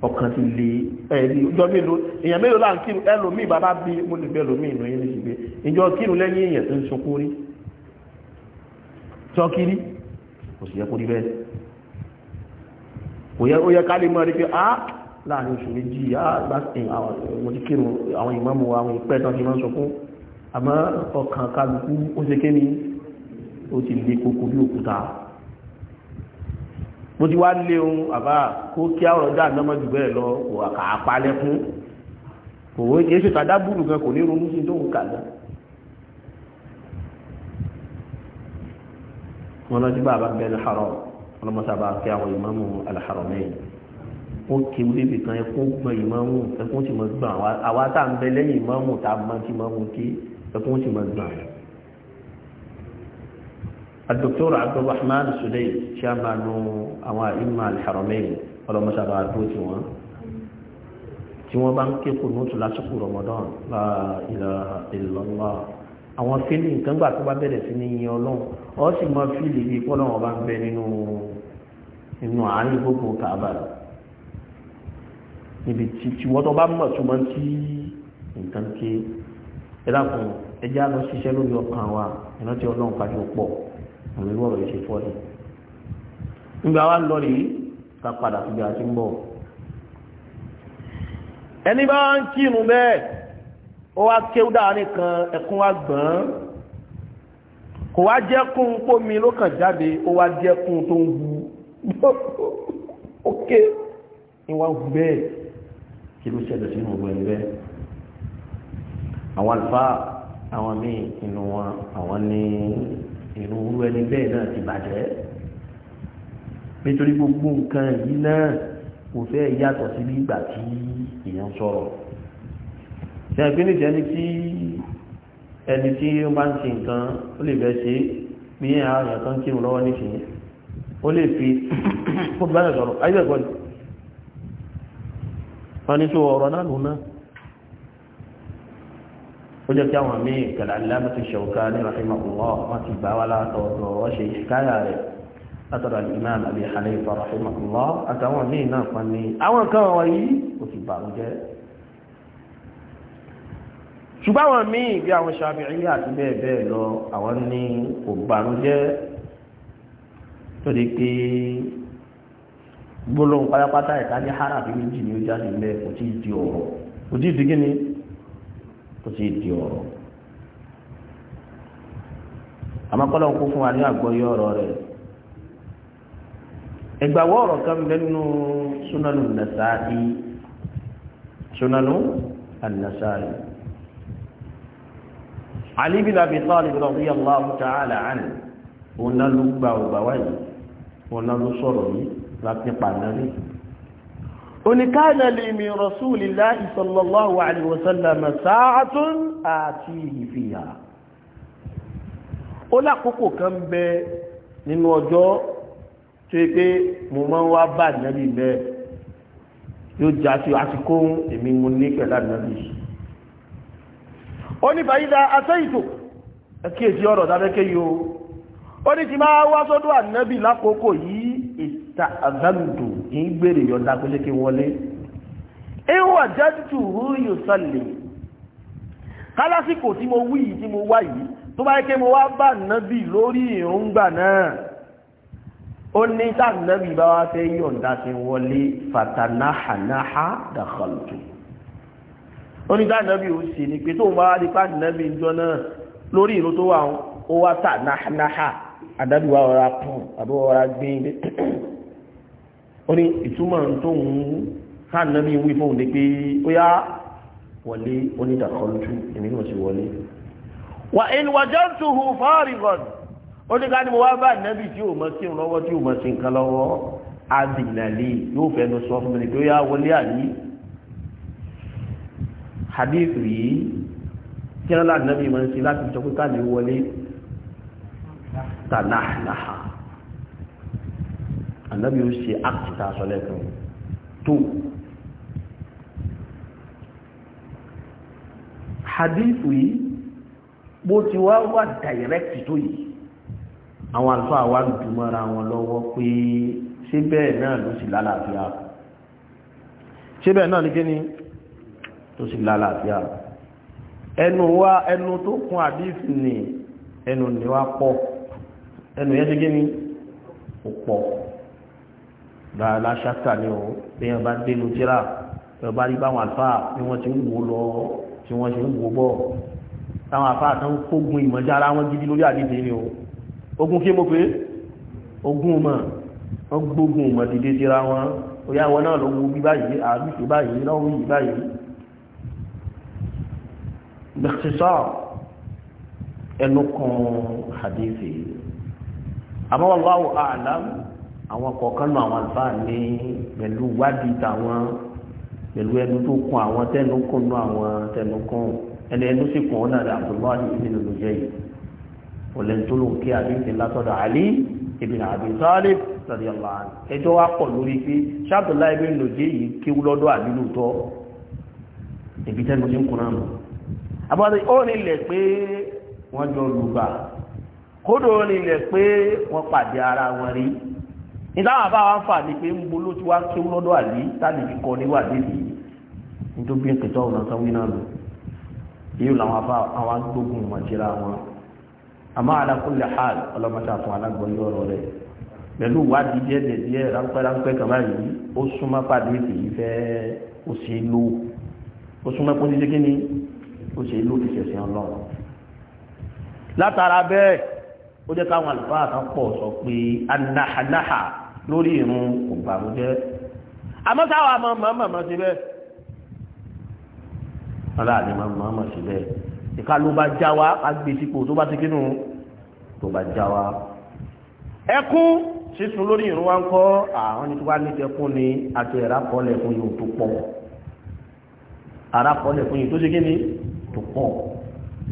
ọkàn ti lé ẹni ìjọ mélòó èèyàn mélòó là ń kírun ẹlòmíì bàbá bí mo lè bẹ lòmíì nù yín ní ìgbé ìjọ kírun lẹ́yìn èèyàn tó ń sunkún rí sọkiri kò sì yẹ kó rí bẹ́ẹ̀ kò yẹ ó yẹ ká lè mọ́ rí pé á láàrin oṣù méjì á mo ti kírun àwọn ìmáàmù àwọn ìpẹ́ tán ti máa ń sọ fún àmọ́ ọkàn kálukú ó ṣe kéni ó ti lè kókó bí òkúta mo ti wá lé ohun àbá kó kí àwọn ọjà náà jù bẹ́ẹ̀ lọ kò àkàpálẹ́ fún kò wọ́n kì í ṣètò kò ní ronú sí tó ń wọn lọ́jọ́ bá a bá bẹ al-haram ọlọ́mọta bá kí àwọn ìmáàmù al-haramayn ó kéwú débi kan ẹkún gbọ́n ìmáàmù ẹkún sì mọ́ gbọ́n àwa tá à ń bẹ lẹ́yìn ìmáàmù tá a máa ti máa kí ẹkún sì mọ́ gbọ́n. الدكتور عبد الرحمن السدي شامان àwọn ائمة al-haramayn ọlọ́mọta bá dúró tiwọn tí wọ́n bá ń ké kùnú tó lásìkò Ramadan la ilaha illallah àwọn fílì nǹkan gbà tó bá bẹ̀rẹ̀ sí ní yin ọlọ́run ọ sì mọ fílì bíi pọ́ lọ́wọ́ bá ń bẹ nínú nínú àárín gbogbo kàbà níbi tí tí wọ́n tó bá mọ̀ tó mọ́ tí nǹkan ké ẹ dákun ẹ já lọ ṣiṣẹ́ lórí ọkàn wa iná tí ọlọ́run kájú pọ̀ àwọn irú ọ̀rọ̀ yìí ṣe fọ́ ni. nígbà wa lọ rèé ká padà síbi àti ń bọ̀ ẹni bá ń kírun bẹ́ẹ̀ ó wá kéwú dáhàrin kan ẹkún wá gbọ́n kò wá jẹ́kún pómi ló kàn jáde ó wá jẹ́kún tó ń hu ókè ìwà hu bẹ́ẹ̀ kí ló ṣẹlẹ̀ sínú ọgbọ́n ẹni bẹ́ẹ̀ àwọn àlùfáà àwọn míì inú wọn àwọn ní inú wúrú ẹni bẹ́ẹ̀ náà ti bàjẹ́ nítorí gbogbo nǹkan yìí náà kò fẹ́ yàtọ̀ sí bí ìgbà tí èèyàn sọ̀rọ̀ ṣe àgbélé jẹ́ ẹni tí ẹni tí ó bá ń ṣe nǹkan ó lè bẹ́ẹ̀ ṣe bí i àwọn èèyàn kan kírun lọ́wọ́ níṣìí ó lè fi kó bá ẹ̀ sọ̀rọ̀ ayé ẹ̀kọ́ ni wọ́n ní tó ọ̀rọ̀ náà lù náà ó jẹ́ kí àwọn míì kàlà aláàmàtí ṣọ̀ká ní rahimahullah wọ́n ti gbà wá látọ̀ọ̀dọ̀ wọ́n ṣe ìṣkáyà rẹ̀ látọ̀dọ̀ al-imam Abi Hanifa rahimahullah àtàwọn míì náà pa ní àwọn kan wọ̀nyí ó ti bàrú jẹ́ ṣùgbọ́n mi míì bí àwọn ṣàbíyí àti bẹ́ẹ̀ bẹ́ẹ̀ lọ àwọn ní kò bànújẹ́ torí pé gbólóhùn pátápátá ẹ̀ka ní harafi méjì ni ó jáde mẹ́ kò tí ì di ọ̀rọ̀ kò tí ì di gíní kò tí ì di ọ̀rọ̀ àmọ́ ń kó fún wa ní àgbọ́yé ọ̀rọ̀ rẹ̀ ìgbàwọ́ ọ̀rọ̀ kan bẹ́nu súnánù nàṣáì súnánù ànàṣáì. Ali bin Abi Talib radiyallahu ta'ala anhu òun náà ló gba ọgbà wáyé òun náà ló sọ̀rọ̀ yìí láti pàdánù oníkànnà lè mi rasulillahi sallallahu alaihi wasallam sa'atun atihi fiha ó lákòókò kan bẹ nínú ọjọ́ tó yẹ yóò já sí àsìkò èmi mo ní pẹ̀lú ànábì yìí ó ní fàyídà asẹ́ìtò ẹkíyèsí ọ̀rọ̀ dábẹ́kẹ́ yìí ó ní ti máa wá sọ́dọ̀ ànábì lákòókò yìí ìta àzánùdù kì í gbèrè yọ̀ǹda pé lékè wọlé ìwà jẹ́tù húyù sọlẹ̀ kálásìkò tí mo wí yìí tí mo wá yìí tó bá yẹ mo wá bá ànábì lórí ìrúngbà náà ó ní tá bá wá fẹ́ yọ̀ǹda ti wọlé fatanahánáhá dàkọ̀lùtù onígbà nàbí ò sì ní pé tó ń bá wá nípa nàbí ìjọ náà lórí ìlú tó wà ó wá tà náà àdábì wá ọ̀rá pùn àbí ọ̀rá gbìn ilé ó ní ìtumọ̀ tó ń ká nàbí wí fóun ní pé ó yá wọlé onídàkọlùtù èmi náà sì wọlé wà ìwàjọ́ntuhu fọ́ọ̀rìgọ̀n ó ní ká mo wá bá nàbí tí ò mọ̀ sí lọ́wọ́ tí ò mọ̀ sí nǹkan lọ́wọ́ àdìnàlè yóò fẹnu sọ fún mi pé ó yá wọlé àlè hadith yìí kí ọ́lá nàbí ma ń ṣe láti jọkútà lè wọlé tànáhànáhà ànábí ó ṣe ákìtà sọlẹ́tọ̀ tó hadith yìí bó ti wá wà direct tó yìí àwọn àlùfáà wá dùmọ́ra wọn lọ́wọ́ pé ṣé bẹ́ẹ̀ náà ló sì lálàáfíà ṣé náà ní kí ni tó sì lálàáfíà ẹnu wa ẹnu tó kún àdífì ni ẹnu ni wá pọ̀ ẹnu yẹn ti gé ní pọ̀ dáadáa ṣáká ni o bí wọn bá dénú tíra bí wọn bá rí báwọn àlùfáà bí wọn ti ń wò lọ tí wọn ṣe ń wò bọ̀ táwọn àlùfáà tó ń kógun ìmọ̀já ara wọn gidi lórí àdífì ni o ogun kí mo pé ogun mọ̀ wọ́n gbógun mọ̀ dìde tíra wọn ó yá wọn náà ló wo bí báyìí àbí ṣe báyìí náà ó báyìí باختصار ẹnukun hadithi àmọ́ wallahu a'lam àwọn kọ̀ọ̀kan nù àwọn àlùfáà ní pẹ̀lú wádìí tàwọn pẹ̀lú ẹnu tó kún àwọn tẹnukun nù àwọn tẹnukun ẹni ẹnu sì kún ọ̀nà àdá abdullahi ibn al-Mujayyid olèntolóhùn kí hadithi látọ̀dọ̀ Ali ibn Abi Talib radiyallahu anhu ẹjọ́ wa pọ̀ lórí pé ṣáàbùláì ibn al-Mujayyid kéwú lọ́dọ̀ àbí lóòótọ́ ìbítẹ́nu ti ń kún náà àbọ̀dé ó nílẹ̀ pé wọ́n jọ lùgbà kódò ó nílẹ̀ pé wọ́n pàdé ara wọn rí ìdáhùn àbá fà ní pé ń bo ló ti wá lọ́dọ̀ àlè tàbí kíkọ níwájú yìí nítorí ìpètọ́ ọ̀nà sanwó náà lò yíò làwọn àwọn agbógun ala hal ọlọ́mọta fún alágbọ̀n yọ̀rọ̀ rẹ̀ pẹ̀lú wádìí díẹ̀ díẹ̀ kàmá yìí ó súnmọ́ pàdé ó ṣe ló fi ṣẹ̀ṣẹ̀ ọlọ́run látara bẹ́ẹ̀ ó jẹ́ káwọn àlùfáà kan pọ̀ sọ pé anahanaha lórí irun kò bàmú jẹ́ àmọ́ sáwọn àmọ́ mọ̀ọ́mọ̀ sí bẹ́ẹ̀ aláàdé máa mọ̀ọ́mọ̀ sí bẹ́ẹ̀ ìka ló bá já wa agbè sípò tó bá ti kínú tó bá já wa ẹkún sísun lórí irun wa ń kọ́ àwọn ní tó bá ní tẹkún ni àti ẹ̀rá kọ́lẹ̀ fún yóò tó pọ̀ ara kọ́lẹ̀ fún yóò tó ṣe kí ni tó pọ̀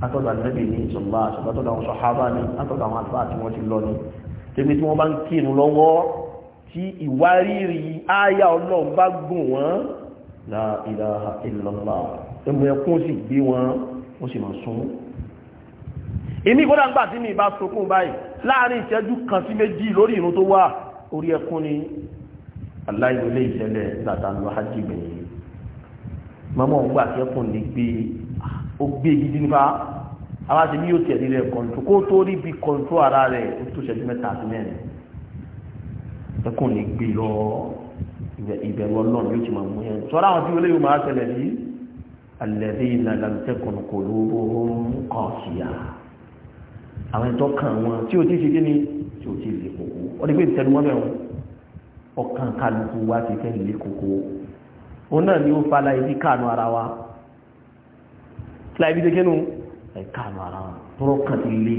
látọ̀dọ̀ ànábì ní ìṣọ̀lá àtọ̀dọ̀ àwọn sọ̀hábà ní látọ̀dọ̀ àwọn àlùfáà tí wọ́n ti lọ ní tẹ́mi tí wọ́n bá ń kírun lọ́wọ́ tí ìwárìrì áyà ọlọ́run bá gùn wọ́n la ilaha illallah ẹmu ẹkún sì gbé wọn ó sì máa sún èmi kódà ń gbà tí mi bá sọkún báyìí láàrin ìṣẹ́jú kan gbẹ̀yìn mọ́mọ́ ń gbà kẹ́kùn lè gbé ó gbé gidi nípa àwọn àti bí yóò tẹ̀lé rẹ̀ kọ̀ǹtò kó tó rí bí kọ̀ǹtò ara rẹ̀ ó tó ṣẹ́jú mẹ́ta àti mẹ́rin ẹkùn ní gbé lọ ìbẹ̀rù ọlọ́run yóò ti máa mú yẹn sọ́ra àwọn tí wọlé yóò máa tẹ̀lẹ̀ sí alẹ́dẹ́ ìlànà tẹkùn kò lóró kọ̀ síyà àwọn ẹ̀tọ́ kan wọn tí o ti ṣe kí ni tí o ti lè kókó ọ ní pé ìtẹnu wọn bẹ̀rù ọkàn kálukú wa ti fẹ́ lè kókó òun náà ni ó fala ibi káànú ara wa láìbí tẹ́ kínú ẹ̀ka àmàrà tọ́rọkàn ti lé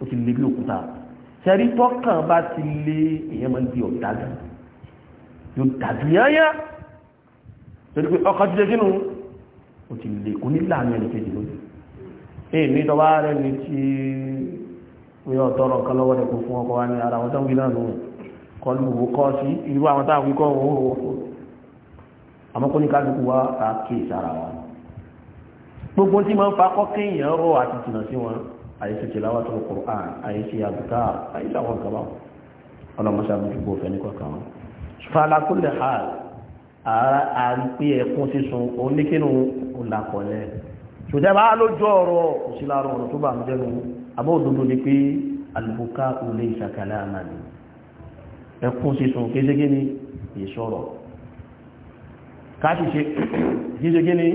ó ti lé bí òkúta ṣẹ́rí tọ́kàn bá ti lé èyàn máa ń di ọ̀dájú yóò dájú yányá torí pé ọkàn ti tẹ́ kínú ó ti lé kò ní láàrin ẹni kejì lójú èyí ní tọ́wá rẹ̀ ní tí wí ọ̀tọ́rọ̀ kan lọ́wọ́ rẹ̀ kò fún ọkọ̀ wa ní ara wọn tán wí náà nù kọlu òwò kọ́ sí irú àwọn táwọn wí kọ́ òwò àmọ́ kó ní kájú wa kà kí gbogbo tí máa ń fa kọ́kẹ́ èèyàn rọ̀ àti jìnà sí wọn àyíṣẹ́ tìláwà tó Qur'an àyíṣẹ́ àbùká àyíṣẹ́ àwọn kaba ọlọ́mọṣà mi dùgbò fẹ́ ní kọ̀ọ̀kan wọn. fàlà kulli hal a rí pé ẹkún sísun oníkínú òlàkọ̀lẹ̀ ṣùgbọ́n bá lójú ọ̀rọ̀ òṣìlárọ̀ ọ̀rọ̀ tó bá ń jẹ́nu abọ́ òdodo ni pé àlùbùká òlé ìṣàkàlẹ̀ àmàlẹ́ ẹkún sísun kéṣegé ni ìṣọ̀rọ̀ káṣíṣe kéṣegé ni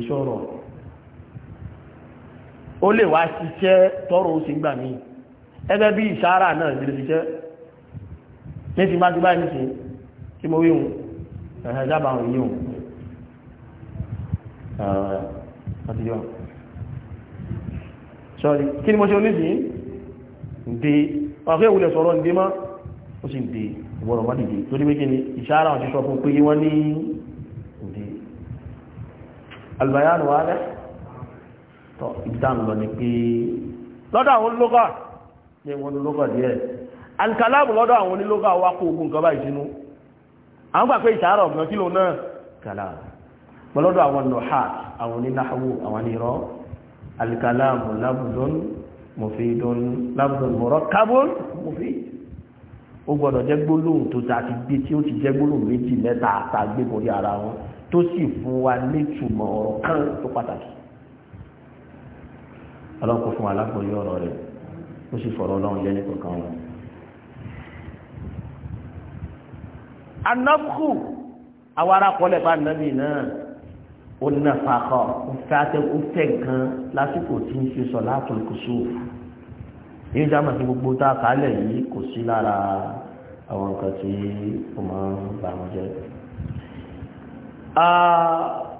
ìṣọ̀rọ̀ ó lè wá ṣiṣẹ́ tọ́rọ ó sì ń gbà mí ẹgbẹ́ bí ìṣára náà lè ṣiṣẹ́ ní ti máa ti bá ní sí tí mo wíhun ẹ̀hẹ́ jábà àwọn yíhun ọ̀tíjọ́ sọ́rí kí ni mo ṣe oníṣìí ǹdé ọ̀fẹ́ ìwúlẹ̀ sọ̀rọ̀ ǹdé mọ́ ó sì ǹdé ìwọ̀rọ̀ wọ́n dìde torí méjì ni ìṣára wọn ti sọ fún pé wọ́n ní ǹdé albayanu wa rẹ̀ tọ́ ìdáhùn lọ ni pé lọ́dọ̀ àwọn ológà ní wọn ológà díẹ̀ alikalamu lọ́dọ̀ àwọn onílógà wa kó ogun kan báyìí sínú àwọn gbà pé ìṣàárọ̀ ọ̀gbọ̀n kí ló náà kàlàmù pọ̀lọ́dọ̀ àwọn nọ̀há àwọn onínáhàwó àwọn nírọ́ alikalamu lábùdún mọ̀fíìdún lábùdún murakkabun mọ̀fíì ó gbọ́dọ̀ jẹ́ gbólóhùn tó ta ti gbé tí ó ti jẹ́ gbólóhùn méjì mẹ́ta àtàgbé borí ara wọn tó sì ọlọ́kọ̀ fún alákòóyè ọ̀rọ̀ rẹ̀ ó sì fọ̀rọ̀ ọlọ́run jẹ́ nípa kan wọn. anọ́kù àwọn arákọ̀ọ́lẹ̀ bá nàbì náà ó nà fàkọ̀ ó fẹ́ àtẹ ó fẹ́ gan lásìkò tí ń fi sọ látòlù kò sóòfù èyí sábà tí gbogbo tá a kálẹ̀ yìí kò sí lára àwọn nǹkan tí ó máa ń bà wọn jẹ́. Ah,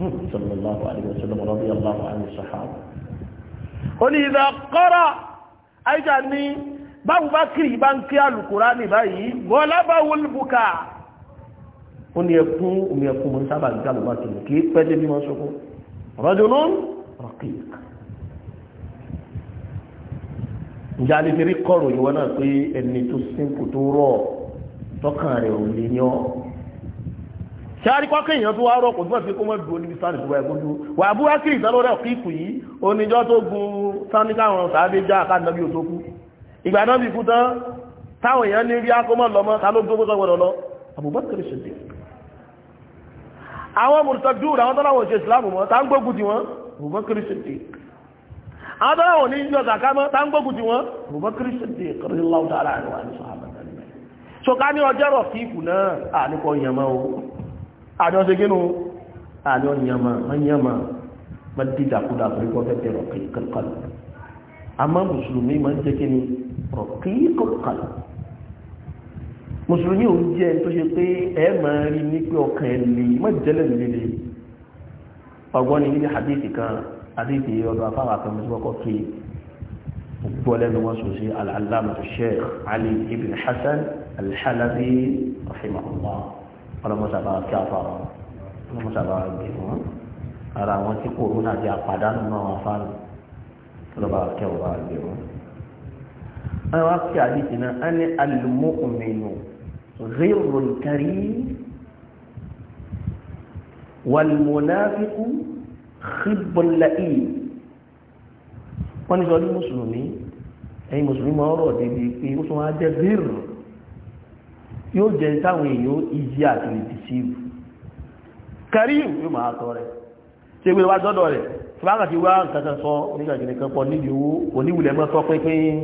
صلى الله عليه وسلم رضي الله عن الصحابة قل إذا قرأ أجاني báwo bá kiri ìbá ń kí Al-Kùránì báyìí gọ́lábáwò lùbùkà ó ní ẹkún omi ẹkún mọ́ sábà ń gálùmá tòun kí pẹ́lẹ́ bí wọ́n sọ́kún rajulun raqiq ìjà lè fi rí kọ́rọ̀ ìwọ náà pé ẹni tó sínkù tó rọ̀ tọ́kàn rẹ̀ ò lè yan sáàrí kọ́kọ́ èèyàn tó wá rọ́pò tó mọ̀ sí kó mọ̀ dúró níbi sáàrí tó wà ẹ̀kọ́ dúró wà bú wákìrì sálọ́rẹ̀ ọ̀kíkù yìí oníjọ́ tó gun sáníkàwọn sàábé já àkádọ́bí ò tó kú ìgbà náà bí kú tán táwọn èèyàn ní rí akọ́mọ̀ lọ́mọ ta ló gbogbo sọ́gbọ̀dọ̀ lọ Abubakar ṣèdè àwọn mùsùlùmí àwọn tọ́láwọn ṣe ìsìlámù mọ́ ta ń gbógun ti wọn Abubakar ṣèdè so ká ní ọjọ́rọ̀ fíìkù náà à nípa àjọ ṣe gínú àjọ yàmà yàmà ma dídàkúdà pẹ̀lú ọ̀fẹ́ tẹ rọ̀kí kankan àmọ́ mùsùlùmí ma ń jẹ́ kí ni rọ̀kí kankan mùsùlùmí ò jẹ́ tó ṣe pé ẹ máa rí ní pé ọkàn ẹ lè má jẹ́lẹ̀ nílé ọgbọ́n ni nílé hadithi kan hadithi ọdọ̀ afáwà kan mo ti kí gbogbo ọlẹ́nu wọn sọ sí al-allama sheikh ali ibn hasan al-halabi rahimahullah ọlọ́mọsàbà kí afa wọn ọlọ́mọsàbà gbè wọn ara àwọn tí kòrónà di àpàdánù náà wọn fa nù ọlọ́ba kí ọba gbè wọn. wọ́n wá kí àdìsí náà á ní alùmọ́kùnmẹ́nu rírun kárí wàlmùnáfíkù xibọ̀láì wọ́n ní sọ ní mùsùlùmí ẹ̀yin mùsùlùmí máa ń pé ó tún wá jẹ́ rírun yóò jẹ́ táwọn èèyàn ìjì àti ìdìsíwù karim yóò máa tọ́ rẹ̀ ṣe gbé wá dọ́dọ̀ rẹ̀ fúlákà ti wá nǹkan sọ onígbàgbìnì kan pọ̀ níbi owó oníwùlẹ̀ mọ́ sọ pínpín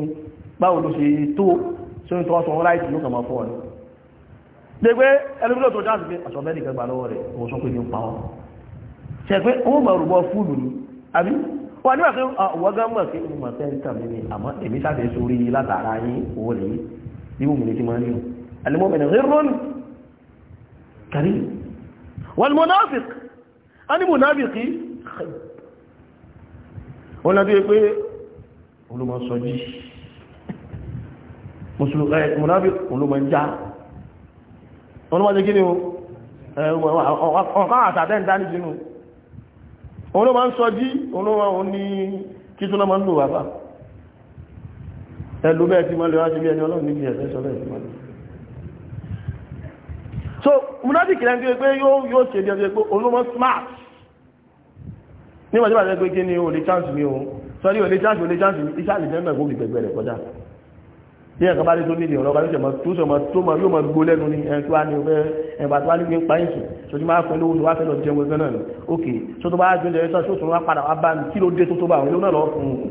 báwo ló ṣe tó ṣe ń tọ́ sọ láìsí ló kàn máa fọ́ ni gbégbé ẹlẹ́gbẹ́ tó dáàsì pé aṣọ mẹ́rin kan gbà lọ́wọ́ rẹ̀ òun sọ pé ní ń pa ọ́ ṣe pé ó mọ̀ rúbọ fúlù ni àbí wọ́n nígbà pé wọ́n gán mọ̀ pé mo mọ̀ fẹ́ ń tàn mí ni àmọ́ èmi sáfẹ́ sórí látara yín òun rèé bí mo mìíràn ti máa ń المؤمن غر كريم والمنافق المنافق خيب ونبي يقول olùmọ̀ sọjí mùsùlùmí olùmọ̀ ń já olùmọ̀ jẹ́ kí ni ọ̀kan àtàdẹ́ǹdá ní jínú olùmọ̀ ń sọjí olùmọ̀ ní kí tó lọ́mọ̀ ń lò wà bá ẹlùmẹ́ ti mọ́ lè wá sí bí ẹni ọlọ́run ní ìgbẹ̀ẹ́sẹ́sọ́lẹ̀ ìgbẹ̀ẹ́ so munafiki lẹ́nu tó pé yóò yóò ṣe bí ọjọ́ pé olómọ smart níwọ̀n tí wàá lẹ́gbẹ́ kí ni olè chance mi o sọ́ni olè chance olè chance mi iṣẹ́ àlejò náà gbóbi gbẹgbẹ rẹ̀ kọjá ní ẹ̀ka bá dé tó nídìí ọ̀rọ̀ ọba tó sọmọ tó mọ yóò mọ gbó lẹ́nu ní ẹ̀ tó wá ní ọ̀fẹ́ ẹ̀bà tó wá ní pípa yìí sùn tó ti máa fẹ́ lówó tó wá fẹ́ lọ jẹun ẹgbẹ́ náà ok tó tó bá jẹun jẹun sọ́ọ́ tó wá padà wá bá mi kí ló dé tó tó bá òun ló náà lọ fún un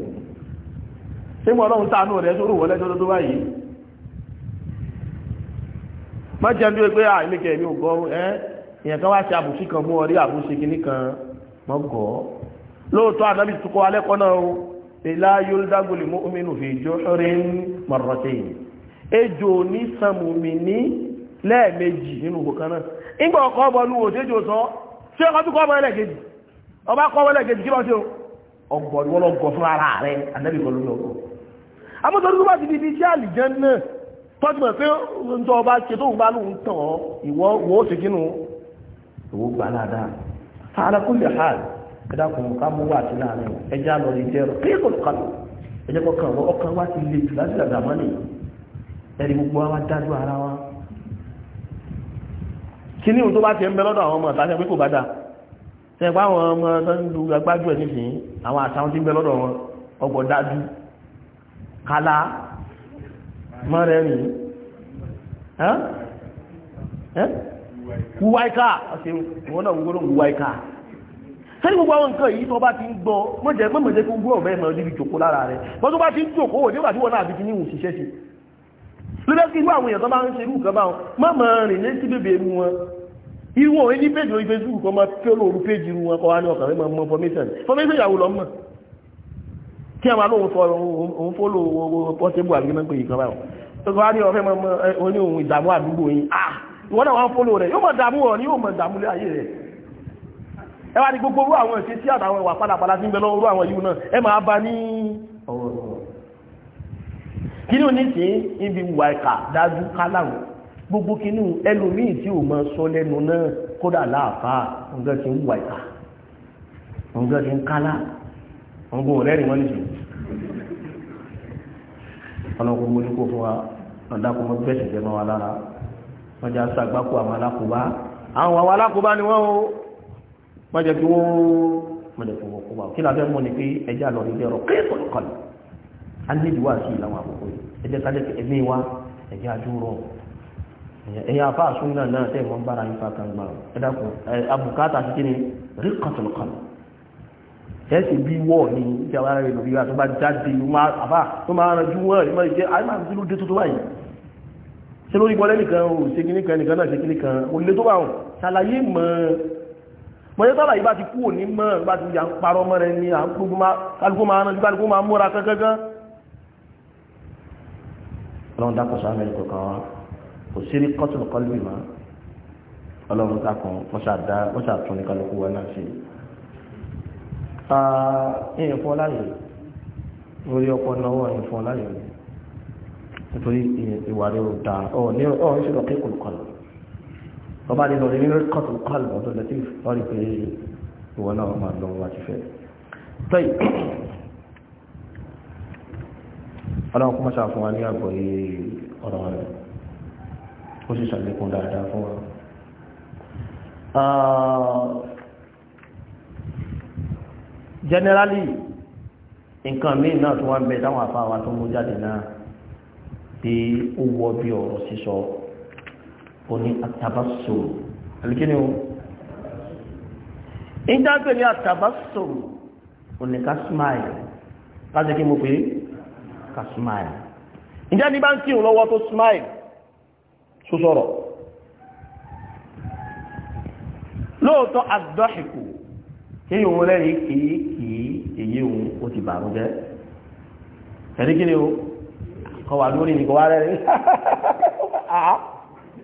ṣé mo ọlọ́run táànù rẹ̀ sórò wọlé tó tó báyìí ma jẹ́ ndúró pé àìmí ah, kẹ́ mi ò ẹ́ ìyẹn kan wá ṣe àbùsí kan mú ọrí kan mọ́ lóòótọ́ ànábì tukọ̀ alẹ́kọ́ náà o ìlà yóòdágbòlì mú omi nù fi jó rí mọ̀rọ̀tẹ́ ejò ní sàmùmí ní lẹ́ẹ̀mejì nínú kan náà ìgbà ọkọ̀ bọ̀ sọ ṣé ọkọ̀ tó kọ́ tọ́júmọ̀ pé ń tọ́ ọba ṣe tóun bá lóun tàn ọ́ ìwọ wo ó ti kínú ìwọ gbà dáadáa ara kó lè ha ẹ̀dá kò ká mú wà sí láàrin ẹja lọ lè jẹ́ rọ kí kò kàlù ẹjẹ́ kọ́ kàn wọ́n ọkàn wá ti lè jù láti dàgbà mọ́lẹ̀ ẹni gbogbo wa dájú ara wa kí ní ohun tó bá ti ń bẹ lọ́dọ̀ àwọn ọmọ àtàṣẹ pé kò bá dáa tẹ̀gbọ́n àwọn ọmọ tó ń lu agbájú ẹ̀ nísìnyí àwọn àtàwọn tí ń bẹ lọ́dọ̀ wọn ọgbọ̀n dájú kálá mọ́rẹ̀rin wúwáíká ọ̀sẹ̀ ìwọ́n náà wúwọ́n wúwáíká sẹ́yìn gbogbo àwọn nǹkan yìí tó bá ti ń gbọ́ mọ́jẹ̀ mọ́mọ̀jẹ́ kó gbọ́ ọ̀bẹ́ ìmọ̀ níbi jòkó lára rẹ̀ wọ́n tó bá ti ń jòkó ò nígbà tí wọ́n náà àbíkí níhùn ṣiṣẹ́ sí lọ́dọ́sí irú àwọn èèyàn tó bá ń ṣe irú kan báwọn mọ́mọ̀ rìn létí bèbè irú wọn irú wọn ní péjì orí facebook kan máa fẹ́ lóru péjì irú wọn kọ́ wá ní ọkàn rẹ̀ mọ́ formation formation ìyàwó lọ́mọ̀ tí a máa lóun sọ òun fólò owó pọ́tébù àbí mẹ́gbẹ̀ yìí kan báyìí tó kọ́ á ní ọ̀fẹ́ mọ́ oní ohun ìdààmú àdúgbò yìí ah ìwọ́n náà wọ́n fólò rẹ̀ yóò mọ̀ dààmú ọ̀ ní yóò mọ̀ dààmú lé ayé rẹ̀ ẹ wá ní gbogbo orú àwọn ìṣesí àtàwọn ìwà pálapàla sí ń wọn gbọ́ lẹ́rìn wọn nìṣẹ́ ọlọ́kùn mo ní kó fún wa ọ̀dàkùn mọ́ bẹ́sẹ̀ jẹ́ mọ́ wa lára wọ́n jẹ́ aṣàgbákò àwọn alákòóbá àwọn àwọn alákòóbá ni wọ́n o wọ́n jẹ́ kí wọ́n wọ́n jẹ́ kí wọ́n kó wa kí la fẹ́ mọ̀ ni pé ẹjẹ́ àlọ́ ilé ọ̀rọ̀ kẹ́kọ̀ọ́kọ̀lù á ní ìdíwọ́ àti ìlànà àkókò yìí ẹjẹ́ kálẹ̀ ẹ̀mí wa ẹjẹ́ àdúrọ̀ ẹ̀yà afáàsùn náà náà tẹ̀ mọ́ bára yín fa kan gbà ẹ̀dàkùn àbùkátà ti kí ni rí kọ̀tọ̀lọ̀kọ̀lù ẹ̀sìn bí wọ́ ní ìjọba rẹ̀ lórí àti bá jáde àbá tó máa rẹ̀ jú wọ́n rẹ̀ mọ́ ìjẹ́ àìmá àti ló dé tó tó báyìí ṣe lórí bọ́lẹ́ nìkan ò ṣe kíní kan nìkan náà ṣe kíní kan ò lè tó bá wọn ṣàlàyé mọ́ mọ̀jẹ́ tọ́lá yìí bá ti kú òní mọ́ ọlọ́run dákọ̀ wọ́n ṣàtún ní kálukú wa náà ṣe ẹ̀yìn fún ọláyè orí ọkọ̀ náwó ẹ̀yìn fún ọláyè nítorí ìwà rẹ̀ ò dáa ọ̀ ní ọ̀ ń ṣèlọ kéèkùn kọlù ọba nínú rẹ̀ nínú kọ̀tù kọlù ọdún lẹ́tí lọ́rí pé ìwọ náà máa lọ wá ti fẹ́ tọ́yì ọlọ́run kó mọ́ṣáà fún wa ní àgbọ̀ ọ̀rọ̀ rẹ̀ ó sì ṣàlékún dáadáa fún wa generally nǹkan míì náà tó wá ń bẹ táwọn àfáwà tó mú jáde náà tí ó wọ bí ọ̀rọ̀ sísọ ó ní àtàbásòrò àlùkíní o ìjágbé ní àtàbásòrò ó ká smile láti kí mo pé ká smile ìjẹ́ ní bá ń kírun lọ́wọ́ tó smile tó sọ̀rọ̀ àdọ́ṣìkò kí ìhun rẹ̀ yìí kìí èyí òun ó ti bàrún jẹ́ ẹ̀rí kí ni o kọ wà lórí ìkọ wá rẹ̀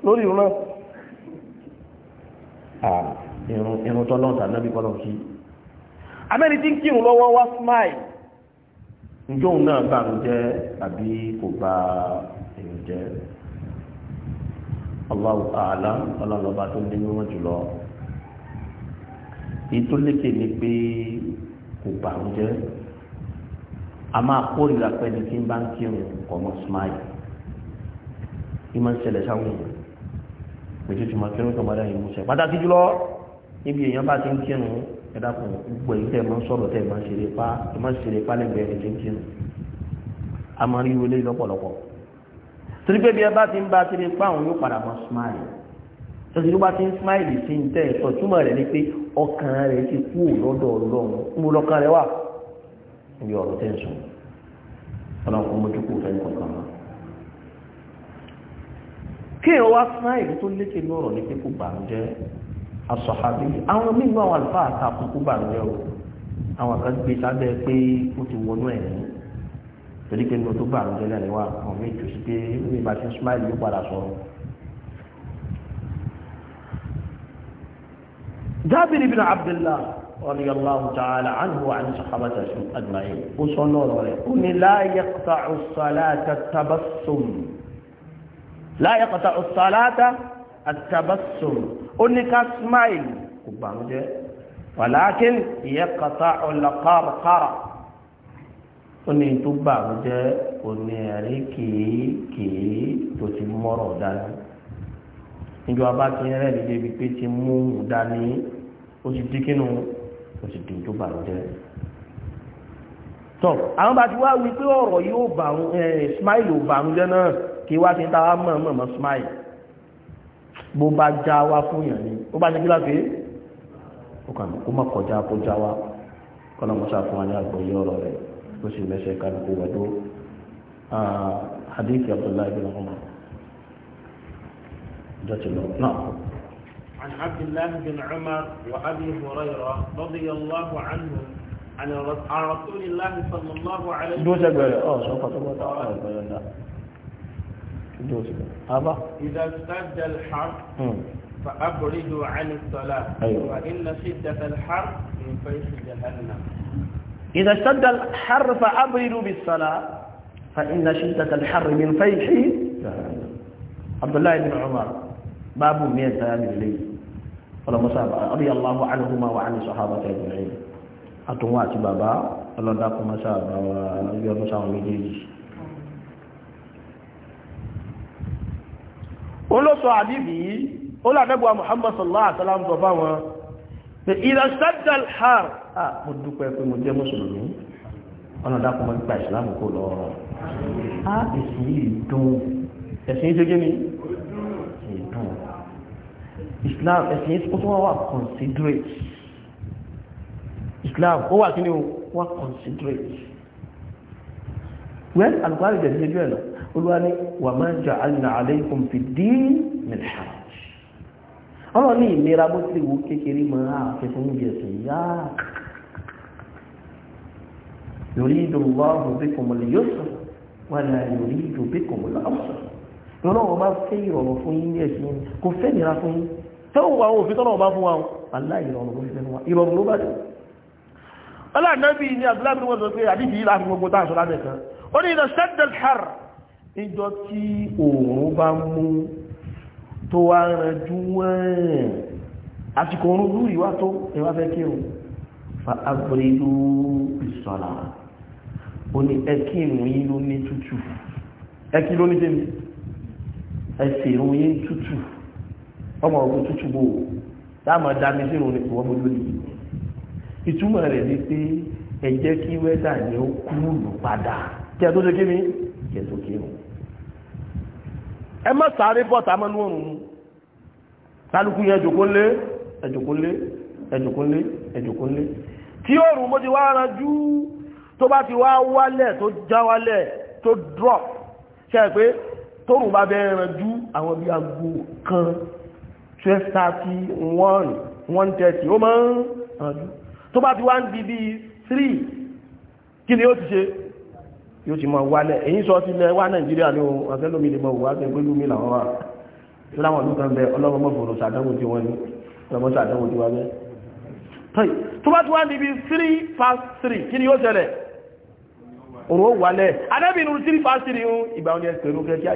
lórí ìrún náà ìrún ah, tọ́lọ́ tàbí kọ́lọ́ sí amẹ́rin tí ń kírun lọ́wọ́ wá smile òun náà bàrún jẹ́ àbí kò bá èrò jẹ́ Allahu a'lam ọlọ́lọ́ba tó ní jùlọ ni pé kò bà ń jẹ́ a máa kórìíra pẹ́ni tí ń bá ń kírun ọmọ smile ìmọ̀ ń ṣẹlẹ̀ sáwọn èèyàn pẹ̀lú tí máa kírun tọmọdé yìí mú sẹ pàtàkì jùlọ níbi èèyàn bá ti ń kírun ẹ̀dá kan gbogbo èyí tẹ̀ máa ń sọ̀rọ̀ tẹ̀ máa ń ṣeré pa tẹ̀ máa ń ṣeré pa lẹ́gbẹ̀ẹ́ ẹni tí ń kírun a máa rí wọlé lọ́pọ̀lọpọ̀ torí pé bí ẹ bá ti ń bá ti rí pa òun yóò padà mọ́ smile tọ́sí ọkàn rẹ̀ ti kú lọ́dọ̀ ọlọ́run mo lọ́kàn rẹ̀ wà níbi ọ̀rọ̀ tẹ́ ń sùn ọlọ́run kò mójú kú fẹ́ nǹkan kan kí ẹ wá fún àìrí tó lékè ní ọ̀rọ̀ ní pé kò bànújẹ́ asọ̀hábí àwọn mímú àwọn àlùfáà àtàkùn kò bànújẹ́ o àwọn kan gbé sábẹ́ pé ó ti wọnú ẹ̀rín torí pé ní o tó bànújẹ́ lẹ́nu wa àwọn méjì sí pé ó ní ìbá ti ń súnmáìlì yóò padà sọ̀rọ̀ جابر بن عبد الله رضي الله تعالى عنه وعن صحابته أجمعين وصلوا قل لا يقطع الصلاة التبسم لا يقطع الصلاة التبسم أنك سمايل ولكن يقطع القرقرة أني تبع وجه أني أريكي كي تتمر داني níjọ abá ti rẹ́ ní débi pé ti mú un dání ó ti di kínú ó ti di tó bà ló jẹ́ tọ́ àwọn bá ti wá wí pé ọ̀rọ̀ yóò bà ń smile ò bà ń jẹ́ náà kí wá ti ń ta wá mọ̀ mọ̀ mọ̀ smile bó bá já wá fún yàn ni ó bá ṣe kí láti ó kàn kó má kọjá kó já wá kọ́nà mọ́sá fún wa ní àgbọ̀yé ọ̀rọ̀ rẹ̀ ó sì mẹ́sẹ̀ kálukú wà dó حديث عبد الله بن عمر جت نعم عن عبد الله بن عمر وأبي هريرة رضي الله عنهم عن رسول الله صلى الله عليه وسلم آه، إذا اشتد الحر فأبردوا عن الصلاة فإن أيوه. شدة الحر من فيح جهنم إذا اشتد الحر فأبردوا بالصلاة فإن شدة الحر من فيح جهنم عبد الله بن عمر باب مية ثامن ليه ọlọ́mọsá radiyallahu anhuma wa ani sahabati ajma'in àtúnwà àti bàbá ọlọ́dàkùnmọ́sá àbáwà yọ́nùsá àwọn méjèèjì olóso àdìbì yìí ó làdẹ́gbà Muhammad sallallahu alaihi wasallam sọ fáwọn pé idha shadda al-har à mo dúpẹ́ pé mo jẹ́ mùsùlùmí ọlọ́dàkùnmọ́ gba ìsìlámù kò lọ́rọ̀ á ìsìn yìí dùn ẹ̀sìn ìṣẹ́gẹ́ islam ẹ̀sìn yẹn ó tún wá wà considerate islam ó wà kí ni wà considerate wẹ́n alùpàdé jẹ̀ nílé ẹ̀ lọ olúwa ní wà máa ja'alna alaykum fi dín min haraj ọlọ́ ní ìlera bó ti wù kékeré máa fẹ́ ah, fún oúnjẹ sí yá yuridu tẹ́wọ̀ àwọn òfin tọ́nà ọba fún wa aláìrọ̀rùn ló fi tẹ́nu wa ìrọ̀rùn ló bá dé ọlọ́nàbí ni abdullahi wọn sọ pé àdíjì yìí láàfin gbogbo táàṣọ lábẹ́ kan ó ní ìdọ̀ sẹ́dẹ̀l har ìjọ tí òòrùn bá mú tó wá rẹjú wẹ́n ẹwà fẹ́ kírun fa agbèrèdú ìsọ̀là ó ní ẹkírun ló ní tútù ẹkí ló ní tẹ́mi ẹsẹ̀ ìrun tútù ọmọ ogun tútù bò dáàmà dámi sínú ní ìwọ́n lórí ìtumọ̀ rẹ̀ ni pé ẹ jẹ́ kí wẹ́dà ni ó kúrò lù padà kí ẹ tó ṣe kí ni kí ẹ tó kí ni ẹ má sáré bọ́ta mọ́nú òrùn kálukú yẹn ẹjòkólé ẹjòkólé ẹjòkólé ẹjòkólé tí òrùn mo ti wá ránjú tó bá ti wá wálẹ̀ tó já wálẹ̀ tó drop ṣe pé tóòrùn bá bẹ́ẹ̀ ránjú àwọn bí aago kan twelve thirty one one thirty ó máa ń rànjú tó bá ti wá ń di bíi three kí ni ó ti ṣe yóò ti mọ wálẹ̀ èyí sọ ti lẹ wá nàìjíríà ní ohun àfẹ́lómi lè mọ òwò àti ìpínlẹ̀ mi làwọn wà tí láwọn ọdún kan bẹ ọlọ́run mọ̀fòrò sàdánwò tí wọ́n ní ọlọ́run sàdánwò tí wọ́n bẹ́ tó bá ti wá ń di bíi three past three kí ni yóò ṣẹlẹ̀ òun ó wálẹ̀ adébìnrin three past three ìgbà wọn ni ẹ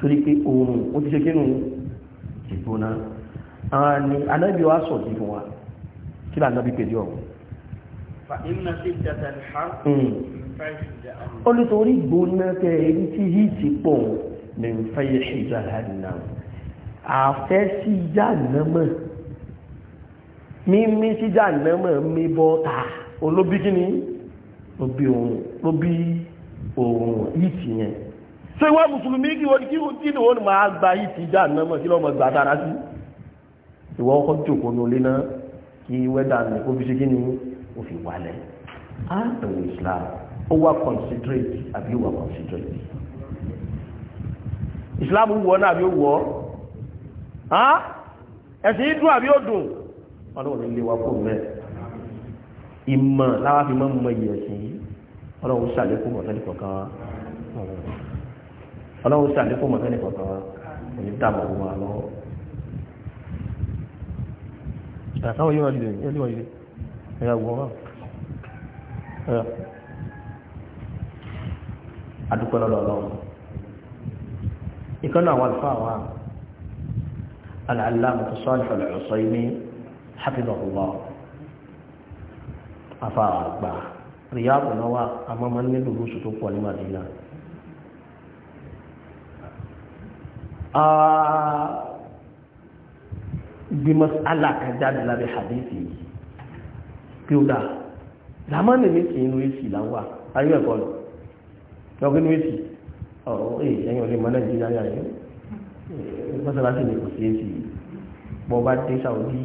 torí pé oòrùn ó ti ṣe kínú ìgbóná ni anábì wa sọ sí fún wa kí là náà bí pèjì ọ̀hún ó ní torí tí yìí ti pọ̀ ní fẹ́yẹ̀ ṣìjà àfẹ́ sí jàǹdàmọ́ mímí sí jàǹdàmọ́ mí bọ́ta olóbí kí ni ló òun yìí ti yẹn tó ìwọ mùsùlùmí kí wọ́n kí wọ́n kí wọ́n máa gba yìí ti já náà mọ̀ kí lọ́mọ gbà dára sí ìwọ ọkọ̀ jòkó nulé náà kí wẹ́dà ní kó fi ṣe kí ni ó fi wálẹ̀ á ẹ̀wọ̀ Islam ó wà considerate àbí ó wà considerate Islam wọ̀ náà àbí ó wọ̀ ẹ̀sìn yìí àbí ó dùn ọlọ́run ní ilé wa kò mẹ́ ìmọ̀ láwa fi máa ìyẹ̀sìn yìí ṣàlékún ọ̀tẹ́lẹ̀ kọ̀ọ̀kan wa ọlọ́run sí àlékún mọ̀ fẹ́ni kọ̀ọ̀kan wa òní dààmú ọ̀hún wa lọ́wọ́. àtàwọn yóò wá lílẹ̀ yóò líwọ̀ lílẹ̀ ẹ̀yà wọ̀ wá. adúpẹ́ àwọn àlùfáà wà àmọ́ máa ń nílò lóṣù tó pọ̀ ní gbé ah, mas'ala kan jáde lábẹ́ hadithi yìí kí ó dáa làmánì mi kì í nu èsì láwà ayé ẹ̀kọ́ lọ lọ́gbẹ́ nu èsì ọ̀rọ̀ ẹ̀yìn ọ̀lẹ́ mọ́ nàìjíríà yà yẹn eh, mọ́sálásí ni kò sí èsì bọ́ bá dé sàwọ́dí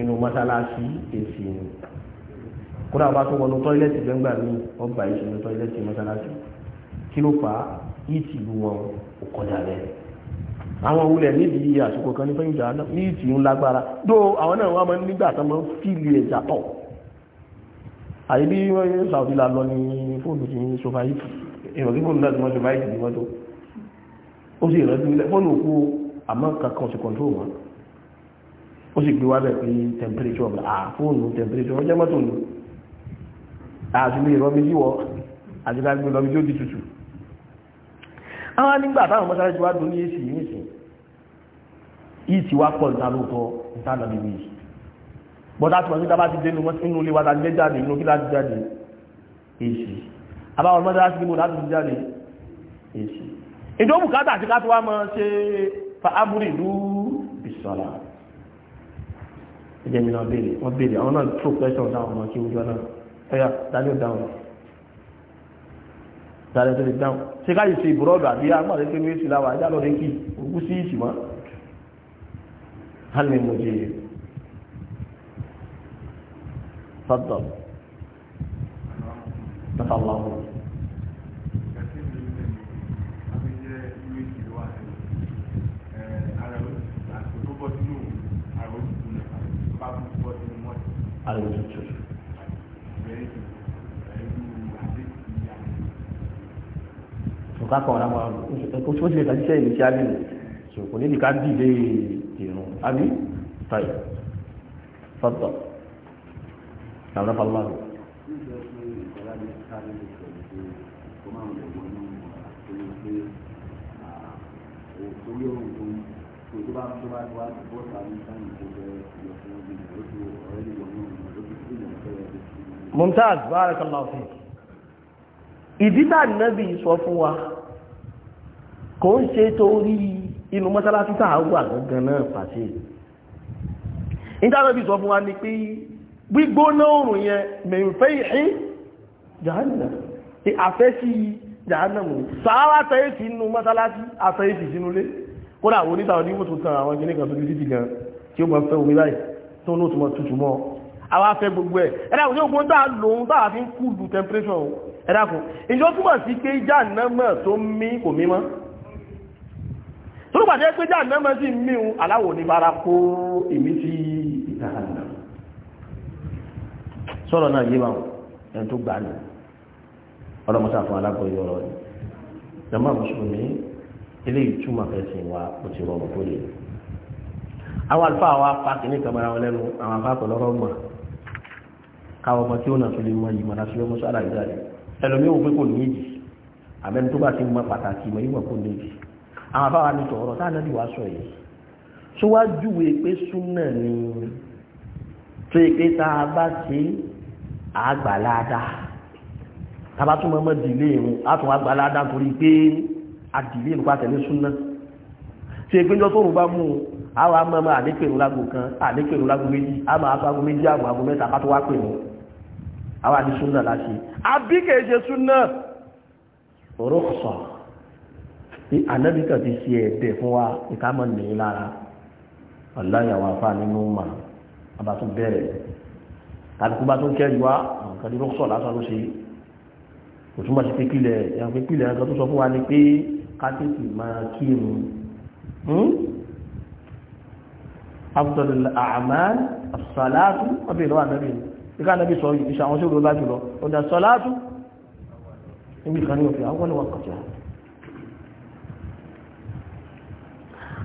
inú mọ́sálásí èsì ni kódà bá tó wọnú tọ́ílẹ̀tì gbẹ́ngbà mi ọgbà ìṣẹ̀lẹ̀ tọ́ílẹ̀tì mọ́sálásí kí ló fà á yìí tìlú wọn ò rẹ̀ àwọn wulẹ̀ níbi àsìkò kan ní fẹ́yìn ìjà náà ní ìtì ń lágbára dó àwọn náà wọ́n máa ń nígbà tán máa ń fìlì ẹ̀jà tọ̀ àyè bí wọ́n yẹ sàwọ́dí la lọ ní fóònù ti ń sofa yìí ìrọ̀ kí fóònù náà ti wọ́n sofa yìí wọ́n tó ó sì rẹ́ fóònù kú àmọ́ kankan temperature ọ̀bà à fóònù temperature ọjọ́ mọ́tò ni àti lè rọmi sí wọ di tutù àwọn nígbà táwọn mọ́sálẹ́sì wá dún ní èsì yìí ìtì wá pọ̀ níta lóòótọ́ níta lọ níbi yìí bọ́dá tí wọ́n ti dábàá ti dé inú ilé wa láti lé jáde inú kí láti jáde èsì àbáwọn ọmọdé láti gbígbó láti jáde èsì ìjọ bùkátà àti káàtù wá mọ́ ṣe fàábùrì ìlú ìsọ̀lá ẹjẹ́ mi náà béèrè wọ́n béèrè àwọn náà tó pẹ́sọ̀ dáhùn mọ́ kí ó jọ náà ẹ̀yà dájọ́ dáhùn dájọ́ tó lè dáhùn ṣe káyìí ṣe ìbúrọ́dù àbí agbọ́n هل من مجيب تفضل تفضل àlòtútù. Nǹkan kan ọ̀la máa ń kó tí ó ti lè kàdí sẹ́yìn ní kíá nínú. Sòkò níbi ká dìde àbí tàyè fọ́tọ̀ àwọn afọlọ́rọ̀. mumtaz barakallahu fi ìdí tá nàbì sọ fún wa kò ń ṣe torí inú mọ́sálásí tàà wà gangan náà pàṣẹ ìdájọ́ bí sọ fún wa ni pé gbígbóná òrùn yẹn mẹ́fẹ́ ìhín jàánà tí àfẹ́ sí jàánà mú sàárà tẹ́yẹ̀ sí inú mọ́sálásí àfẹ́yẹ̀ sí sínú lé kódà àwọn onítàwọn ní wòtò kan àwọn jẹ́nìkan tó títí gan tí ó mọ̀ fẹ́ omi láì tó ní òtùmọ̀ tutù mọ́ àwọn afẹ́ gbogbo ẹ̀ ẹ̀dá kò ní ogun tá lòun tá àfi ń kúlù temperature ẹ̀dá kò ìjọ túmọ̀ sí pé jàánà mọ̀ tó mí kò mímọ́ tó pàtẹ́ pé jà náà sí míhun aláwò ní bára kó ìmí sí ìdáhànà sọ́rọ̀ náà yé wọn ẹni tó gbà ní ọlọ́mọsá fún alágbóyè ni jama mùsùlùmí ilé ìtumọ̀ ẹ̀sìn wa kò ti rọrùn tó lè àwọn àlùfáà wa fa kìíní kàmàrà wọn lẹ́nu àwọn afáàkọ̀ lọ́rọ̀ mọ̀ káwọn ọmọ tí ó nà tó lè mọ ìmọ̀ náà sílẹ̀ mọ́sálà ìdáre ẹlòmíì òfin kò ní èjì àbẹ́ni tó bá ti mọ pàtàkì ìmọ̀ ìmọ̀ kò ní èjì àwọn afáwà ní tọ̀rọ̀ tá ànábì wá sọ yìí tó wá júwe pé súnà ni tó yẹ pé tá a bá ṣe àgbàláda tá a bá túnmọ̀ mọ́ dìlé ìrun á tún àgbàláda torí pé àdìlé ìrun pàtẹ́lé súnà tó yẹ pé ńjọ́ tó rùn bá mú un àwọn amọ̀mọ̀ àdékèrò lágbo kan àdékèrò lágbo méjì àmọ́ àfàgbo méjì àmọ́ àgbo mẹ́ta pátó wá pè mọ́ àwọn àdìsúnà láti àbíkèéṣe súnà rọ́ọ̀sán tí ànábì kan ti ṣe ẹ̀dẹ̀ fún wa ìkámọ̀ nìyí lára ọ̀láyàwó afá nínú mà bàbá tó bẹ̀rẹ̀ tàbí kó bá tó kẹ́rì wá nǹkan ní rọ́ṣọ̀ lásán ló ṣe kò túmọ̀ sí pépìlẹ̀ ẹ̀yàn pépìlẹ̀ ẹ̀kan tó sọ fún wa ni pé kátìkì máa kírun hmm? afdal al-a'mal as-salatu ọbẹ̀ ìlọ́wà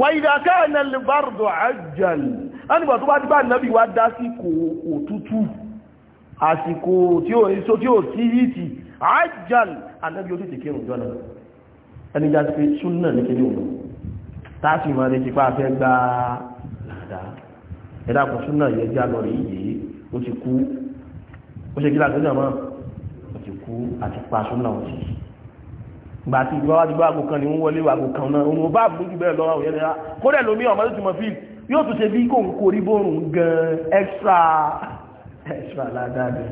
wà ìdàkà ẹ̀nà bárdọ̀ àjàlì ẹnìgbà tó bá dípà nẹ́bí wá dá sí kò òtútù àsìkò tí ó èso tí ó sí yìí àjàlì ànẹ́bí ó tètè kírùn jọ́nà ẹni já sí pé súnà ní kéré òun táàsì máa ní tipa fẹ́ gba làdá ẹ̀dá kan súnà yẹ gbà tí ìgbà wájú bá àgùkan ni wọ́n wọlé àgùn kan náà òun bá àbújú bẹ́ẹ̀ lọ́wọ́ òyìn náà ah, kódẹ̀ lómi ọmọ tó ti mọ̀ fíìl yóò tún ṣe bí kò ń korí bórùn gan extra extra ládáàbí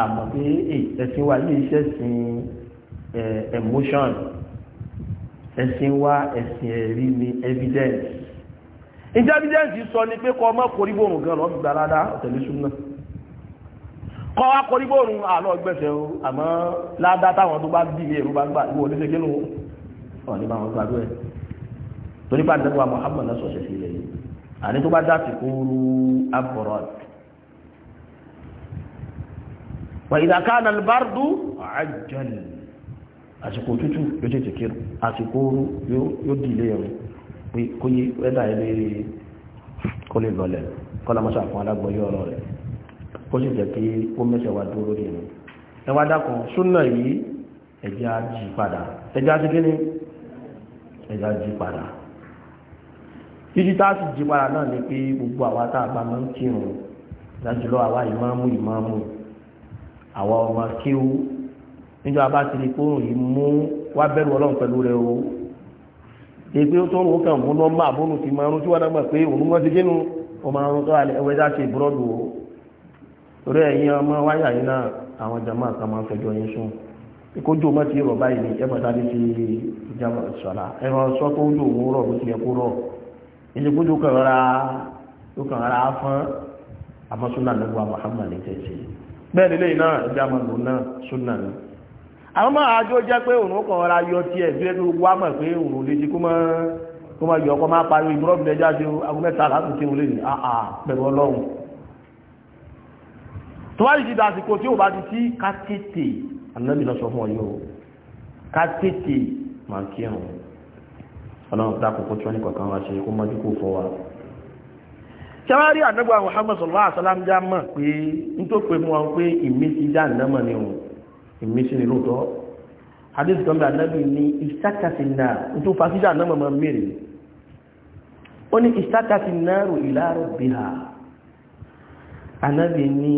àmọ́ pé ẹ̀sìn wa yìí iṣẹ́ sin eh, emotion ẹ̀sìn wa ẹ̀sìn ẹ̀rí ni evidence ìjẹ́ evidence sọ ni pé kọ́ ọmọ korí bórùn gan lọ́ kọ́ wá kọ́ nígbò òrùn àlọ́ ọgbẹ́sẹ̀ o àmọ́ ládá táwọn tó bá bí ilé ìrú bá gbà ní wọlé ṣe kínú wọn ní báwọn gbàdúrà ẹ̀ torí bá dẹ́gbà Muhammad náà sọ̀ṣẹ̀ sí ilẹ̀ yìí àní tó bá dá ti kúrú abroad wà ìdàkánà albardu àjọyìn àsìkò òtútù yóò tètè kírun àsìkò ooru yóò di ilé ẹ̀rọ pé kó yí wẹ́dà ilé kó lè lọlẹ̀ kọ́lá mọ́sàkùn alágbọ̀yé ọ̀rọ̀ rẹ̀ kó sì jẹ́ pé ó mẹ́sẹ̀ wá dúró lórí ẹ̀mí ẹwà dákan súnà yìí ẹ̀já jí padà ẹ̀já sí kíní ẹ̀já jí padà títí tá a sì jí padà náà ni pé gbogbo àwa tá a bá máa ń kírun dájúlọ àwa ìmáàmù ìmáàmù àwa ọmọ kíw níjọ́ abá ti di kóòrùn yìí mú wá bẹ̀rù ọlọ́run pẹ̀lú rẹ o èpè tó ń kàn mú nọ́mbà àbónú ti máa ń rún tí wọ́n dàgbà pé òun mọ́ ti dénú ọmọ àrùn tó ẹwẹ́ dá ṣe ìbúrọ́dù o torí ẹ̀yin ọmọ wáyà yìí náà àwọn jama kan máa ń fẹjọ́ yín sùn ìkójú ọmọ ti rọ̀ báyìí ẹ mọ̀ sáré ti jama sọ̀la ẹ rọ sọ tó ojú òun rọ̀ bó ti yẹ kó rọ̀ ilé kan rárá tó kan rárá fún àmọ́ súnà nígbà Muhammad ní tẹ̀sí bẹ́ẹ̀ nílé yìí jama ẹja máa lò náà súnà ni àwọn máa àjọ jẹ́ pé òun kan rárá yọ tiẹ̀ bí ẹni wá mọ̀ pé òun lè ti kó mọ́ kó mọ́ yọ ọkọ̀ máa pariwo ìgbọ́rọ̀ tó wáyé ti dàsìkò tí ó bá ti sí ká tètè anábì lọ sọ fún ọyọ ká tètè máa kí ẹ̀hún ọlọ́run tá àkókò tí wọ́n ní kọ̀ọ̀kan wá ṣe kó mọ́jú kó fọ́ wa. sẹ́wárí àdọ́gba Muhammad sallallahu alaihi já mọ̀ pé nítorí pé mo wọn pé ìmísí já ìdámọ̀ ni òun ìmísí ni lóòótọ́ hadith kan bẹ anábì ní ìsákàtì náà nítorí fa síjà ìdámọ̀ máa mẹ́rin ó ní ìsákàtì náà rò ìlàrọ̀ bíhà anábì ní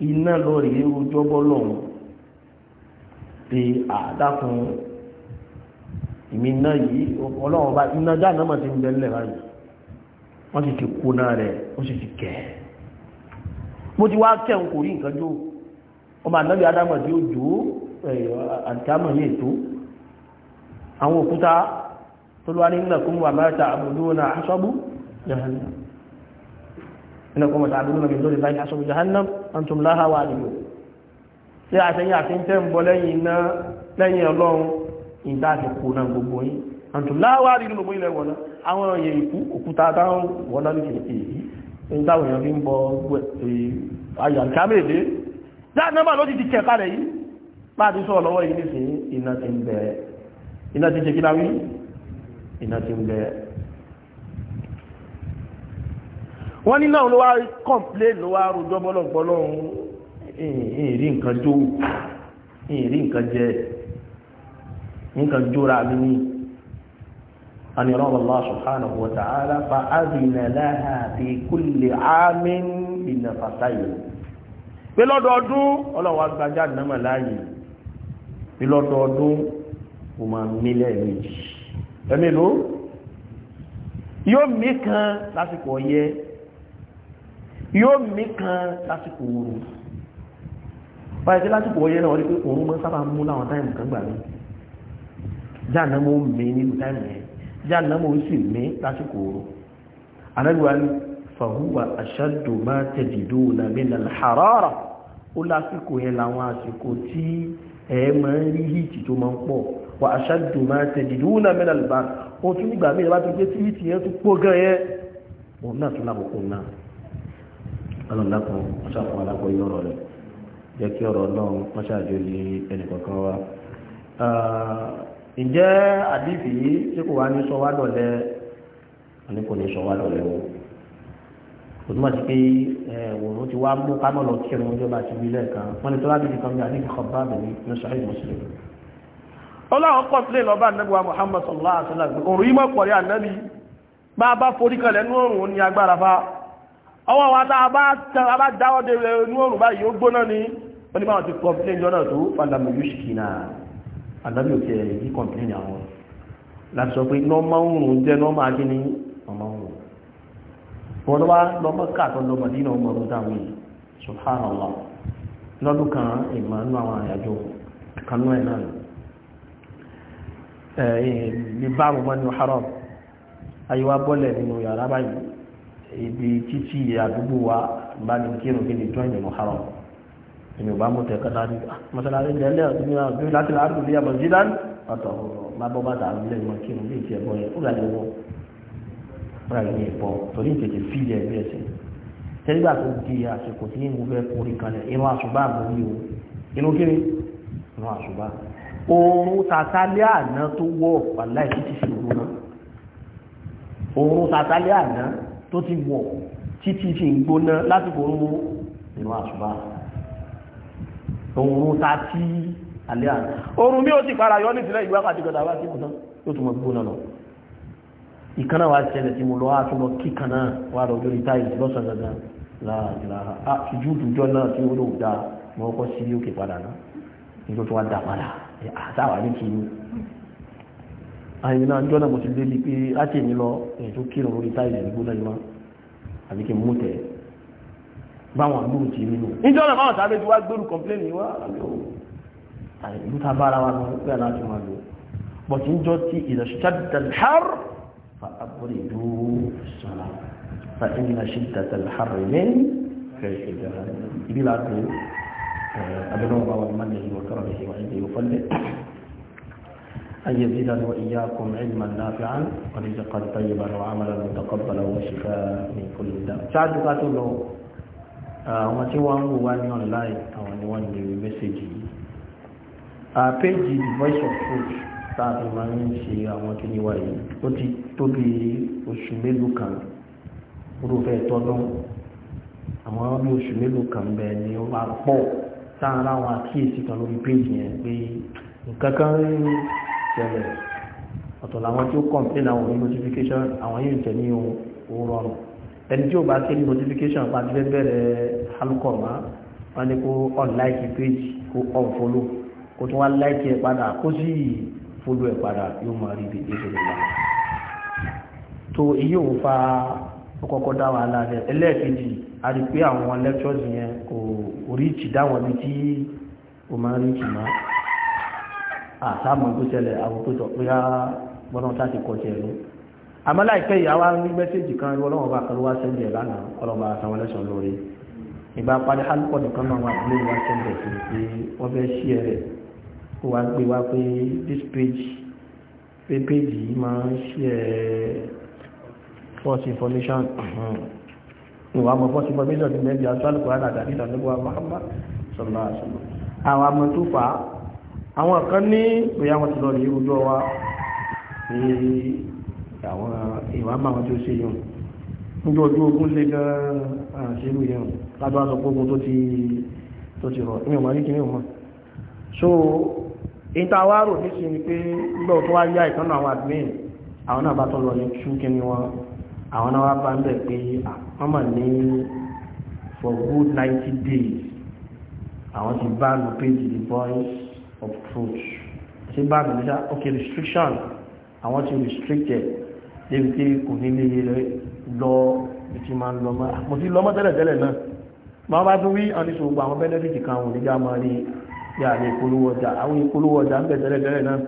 iná lọ rèé rojọ́ bọ́lọ̀ wọn pé yi ìmí iná yìí ọlọ́run bá iná dáná mà ti ń bẹ báyìí wọ́n sì ti kó náà rẹ̀ ó sì ti kẹ̀ mo ti wá kẹ́hùn kò rí nǹkan jó ọmọ adámọ̀ tí ó jò àwọn òkúta tó ní ìlẹ̀kùn wà mẹ́ta jahannam antum laha waliyun ṣé àtẹ̀yìn àti tẹ́ ń bọ́ lẹ́yìn iná lẹ́yìn ọlọ́run ìdá àti kò náà gbogbo yín antum laha waliyun gbogbo ilẹ̀ wọ̀nà àwọn èèyàn ìkú òkúta táwọn wọ̀nà ní kìí èyí táwọn èèyàn fi ń bọ ayàkámẹ́lẹ́ dáadáa ló ti ti kẹ̀ẹ́ká rẹ̀ yìí bá ti sọ lọ́wọ́ yìí nísìnyí iná ti ń bẹ̀ẹ́ iná ti ṣe kí láwí iná ti ń bẹ̀ẹ́ wọ́n ní náà ló wá kọ̀m̀plé ló wá rojọ́ bọ́lọ̀gbọ́lọ̀ ìrìn nǹkan jó ìrìn nǹkan jẹ nǹkan jóra mi ní أن يرام الله سبحانه وتعالى فأذن لها في كل عام بنفسين pé lọ́dọọdún ọlọ́wọ́ agbájá nàmà láàyè pé lọ́dọọdún kò máa mílẹ̀ méjì ẹ̀mí ló yóò mí kan lásìkò ọyẹ́ yóò mí kan lásìkò ooru báyìí tí lásìkò ọyẹ́ náà wọ́n rí pé òun mọ́ sábà mú láwọn táìmù kan gbà mí jáàná mo mí nínú táìmù yẹn jáàná mo sì mí lásìkò ooru àrẹ́lùwà ni fàhùwà ashaddu ma tajiduna min al-harara ó lásìkò yẹn làwọn àsìkò tí ẹ máa ń rí hìtì tó máa ń pọ̀ wà ashaddu ma tajiduna min al-barr ó tún nígbà míì láti gbé tí hìtì yẹn tún pọ̀ gan yẹn òun náà tún lábùkù alọ́lákan ọ̀ṣàfún alákọ̀ọ́yé ọ̀rọ̀ rẹ̀ jẹ́ kí ọ̀rọ̀ náà wọ́n ṣàjò lé ẹnìkọ̀ọ̀kan wa. ǹjẹ́ àdìsí yìí tí kò wá ní sọ wá dọ̀lẹ́ àní kò ní sọ wá dọ̀lẹ́ o kò túmọ̀ sí pé òun ti wá mú kámọ́ lọ kí ẹ̀rọ ọjọ́ bá ti wí lẹ́ẹ̀kan wọ́n ní tọ́lá bíbí kan bí àdìsí kan bá ní sàrí Muhammad sallallahu alaihi wa sallam òrùn yìí mọ̀ pọ̀ rí ọwọ́ wa tá a bá dáwọ́ de inú òrùn báyìí ó gbóná ni ní báwọn ti complain jọ́nà tó fàdàmù yúṣìkì náà àdábì òkè yìí complain àwọn láti sọ pé nọ́mà òrùn jẹ́ nọ́mà kí ni nọ́mà òrùn wọn lọ́wọ́ lọ́mọ káàtọ́ lọ́mọ dínà ọmọ ọdún táwọn yìí subhanallah lọ́dún kan ìmọ̀ nínú àwọn àyàjọ kanú ẹ̀ náà ní báàrùn mọ́ nínú haram àyíwá bọ́lẹ̀ nínú ibi títí àdúgbò wa bá ní kírun kí ni join ìlú haram ìní ò bá mú tẹ̀ka náà ní ah, mọ́sálásí jẹ́lẹ̀ ọ̀tún ní ọ̀gbìn láti láàrú bí abọ̀ zidan ọ̀tọ̀ má bọ́ bàtà àbílẹ̀ ìmọ̀ kírun bí ìtì ẹ̀bọ yẹn ó rà yẹn wọ́ ó rà yẹn ìbọ̀ torí ìtètè fíìlì ẹ̀ bí ẹsẹ̀ tẹ́lifà tó di àsìkò tí mo fẹ́ kórè kalẹ̀ inú àṣùbà àbúrí o inú kí ni inú àṣùbà oorun tàtàlẹ́ àná tó wọ̀ wà láì títí sí òru náà oorun tàtàlẹ́ àná tó ti wọ̀ títí fi ń gbóná lásìkò orúkọ nínú àṣùbà òun ta tí alẹ́ àná oorun bí ó ti para yọ nísìlẹ̀ ìgbà àti ìgbà àbá sí ìmúná tó tún mọ̀ gbóná lọ ìkan náà wá ṣẹlẹ̀ tí mo lọ wá tún lọ kí kan náà wá lọ lórí táyì lọ́sàn gangan láàrínláà á ṣíjú ìdújọ́ náà tí ó lò dá mọ́ ọkọ́ sí òkè padà náà nítorí tó wá dà padà àtàwà ní kí ni àyìn náà jọ́nà mo ti lé ní pé láti èmi lọ èyí tó kírun lórí táìlì ìgbóná ìmọ̀ àbí kí n mú tẹ̀ báwọn àgbòrò ti nínú níjọ́ náà báwọn sábẹ́ tí wá gbèrú kọ́mpléènì wá àbí òun ìlú ta bára wa náà pẹ́ láti máa lò bọ̀ tí ń jọ tí ìdàṣítàdàlhár fa àbúrò ìlú sọ́la fa ìlú ṣítàdàlhár rẹ̀ fẹ́ ìdára ìbí láti abẹ́rẹ́ wọn bá wọn mọ́ أن يزيدنا وإياكم علما نافعا ورزقا طيبا وعملا متقبلا وشفاء من كل داء ṣáájú ká tó lọ àwọn tí wọ́n ń wò wá ní online àwọn ni wọ́n lè mẹ́sẹ̀jì yìí péjì voice of truth tààtì máa ń ṣe àwọn tó níwá yìí ó ti tóbi oṣù mélòó kan orúfẹ́ tọ́dún àwọn bí oṣù mélòó kan bẹ́ẹ̀ ni ó máa pọ̀ sáà láwọn àkíyèsí kan lórí péjì yẹn pé nǹkan kan rí tẹ́lẹ̀ ọ̀tọ̀ làwọn tí ó complain àwọn ní notification àwọn yìí ń tẹ̀ ní ohun rọrùn ẹni tí ó bá ké ní notification pa ti fẹ́ bẹ̀rẹ̀ wọn ni kó unlike page kó unfollow kó tún wá like ẹ̀ padà kó sì follow ẹ̀ padà yóò máa rí ibi ìṣòro ìlànà tó èyí ò fa ọkọ̀ọ̀kọ̀ dá wa lálẹ́ ẹlẹ́ẹ̀kejì a rí pé àwọn lectures yẹn kò rí ìtì dáwọn ibi tí ó máa rí ìtì máa àtàmọ̀ tó ṣẹlẹ̀ àwọn tó sọ pé á ah, gbọ́dọ̀ sáti kọ tiẹ̀ ló àmọ́ láìpẹ́ wa ní kan ìwọ ọlọ́run bá kan ló wá sẹ́ńdì ẹ̀ lánàá ọlọ́run bá sanwó lẹ́sàn lórí ìgbà parí alukọ̀dù kan náà wà lórí wá sẹ́ńdì ẹ̀ sí pé wọ́n fẹ́ this page pé page yìí máa ń false information ìwà mọ̀ false information ti mẹ́bí àtúwálùkọ̀ àdàdà nígbà nígbà Muhammad sallallahu alaihi wasallam àwọn amọ̀ tó fà àwọn kan ní bóyá wọ́n ti lọ lè rújọ wa ní àwọn ìwà máa tí ó ṣe yàn níjọ ojú ogun lè gan-an ṣerú yàn lábá sọ pé ogun tó ti rọ̀ ní ọmọ ní kìíní ọmọ so ìta wá rò ní sí ni pé nígbà tó wá yá ìtọ́nà àwọn admin àwọn náà bá tọ́ lọ ní tú kí ni wọn àwọn náà wá bá ń bẹ̀ pé wọ́n mà ní for good 90 days àwọn ti bá lu page the voice approach ṣe bá mi níṣà okay, restriction I want you restricted débi pé kò ní lè lọ bí ti máa ń lọ mọ́ mo ti lọ mọ́ tẹ́lẹ̀ tẹ́lẹ̀ náà máa bá tún wí àníṣòwò gba àwọn benefit kan àwọn oníjà máa rí yà lè polówó ọjà àwọn ìpolówó ọjà ń bẹ̀ tẹ́lẹ̀ tẹ́lẹ̀ náà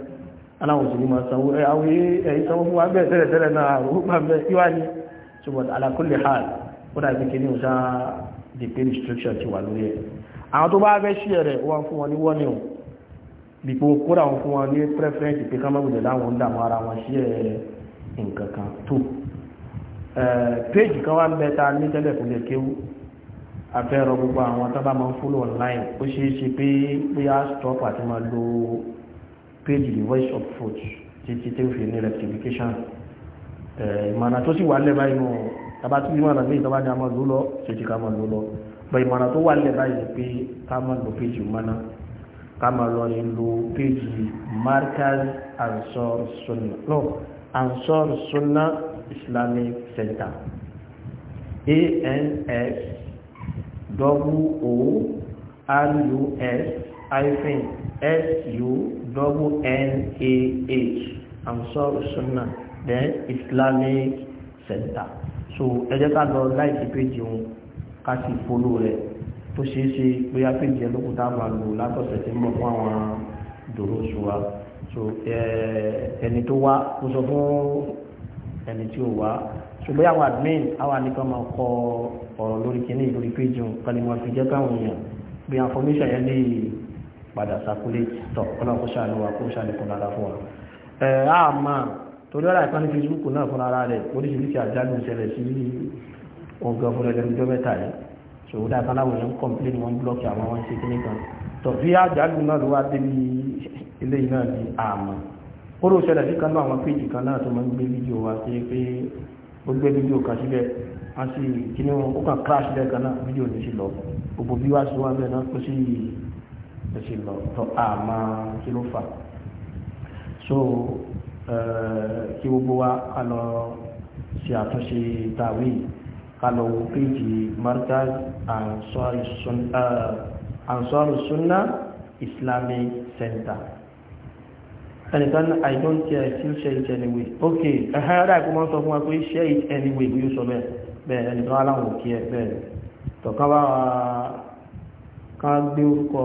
aláwọ̀ sí ní máa sanwó àwọn èyí sanwó fún wa bẹ̀ tẹ́lẹ̀ tẹ́lẹ̀ náà àwọn gbà bẹ̀ yíwá ní ṣùgbọ́n ala kulli ó dàbí kí ní ọ̀sán the pain restriction ti wà lórí ẹ̀ àwọn tó bá fẹ́ ṣí ẹ̀rẹ̀ wọ́n fún wọn ní warning bípò kódà wọn fún wọn ní preference pé ká mọ́gbọ̀dẹ̀ láwọn ń dààmú ara wọn sí ẹ̀ nǹkan kan tó péjì kan wá ń bẹ ta ní tẹ́lẹ̀ kò lè kéwú afẹ́rọ gbogbo àwọn tó máa ń fúlò online ó ṣe é ṣe pé bóyá stop àti máa lo péjì the voice of truth títí tí ó fi ní rectification ìmọ̀nà tó sì wà lẹ́ báyìí nù tàbá tí ìmọ̀nà ní ìtọ́bá ní a máa lò lọ ṣèjì ká máa lò lọ bẹ̀ ìmọ̀nà tó wà lẹ́ báyìí pé ká máa lo péjì mọ́nà kama lọrin lo péjì markaz ansor sunna no ansor sunna islamic center ans w-o-r-u-s I hyphen s-u-n-n-a-h ansor sunna then islamic center so ẹ jẹ́ ká lọ láìsí péjì wọn ká sì follow rẹ̀ tó ṣeé ṣe pé apèjì ẹlòkúta máa lò látọ̀sẹ̀ tí ń bọ̀ fún àwọn dòrò oṣù wa so ẹni tó wá kó sọ fún ẹni tí ò wá ṣùgbọ́n àwọn admin àwọn nìkan máa kọ ọ̀rọ̀ lórí kíní lórí péjì kan ni wọ́n fi jẹ́ káwọn èèyàn bí information yẹn lè padà circulate tọ̀ ọlọ́run kó ṣàánú wa kó ṣàánú kó lára fún wa. ẹ á máa torí ọ̀rọ̀ àìpá Facebook náà fúnra rẹ̀ oríṣiríṣi àjálù ìṣẹ̀lẹ̀ sí ọ̀gá fúnra ẹ̀dẹ́gbẹ́jọ́ yìí ṣòwò dáa káláwọ̀ yẹn ń kọ̀m̀pléènì wọn blọ́ọ̀kì àwọn wọn ṣe kíní kan tọ̀bí àjálù náà ló wá débi ilé yìí náà ní àmọ́ kóró ṣẹlẹ̀ sí kan náà àwọn péjì kan náà tó máa ń gbé fídíò wa ṣe pé ó gbé fídíò kan síbẹ̀ wọ́n sì kíní wọn ó kàn crash bẹ́ẹ̀ kan náà fídíò ló sì lọ gbogbo bí wá sí wá bẹ́ẹ̀ náà ó sì ló sì lọ tọ́ àmọ́ kí ló fà so eh, kí gbogbo wa ká lọ ṣe àtúnṣe tàwé yìí kálọ̀ wò péjì markaz ansar sunna islamic center ẹnìkan ní i don't care i still share it anyway ok ẹ̀hẹ́ ọ̀dá ìkọ́mọ́ sọ fún wa pé share it anyway ní yóò sọ bẹ́ẹ̀ bẹ́ẹ̀ ẹnìkan aláwọ̀ òkè ẹ̀ bẹ́ẹ̀ tọ̀kọ́wà ká gbé orúkọ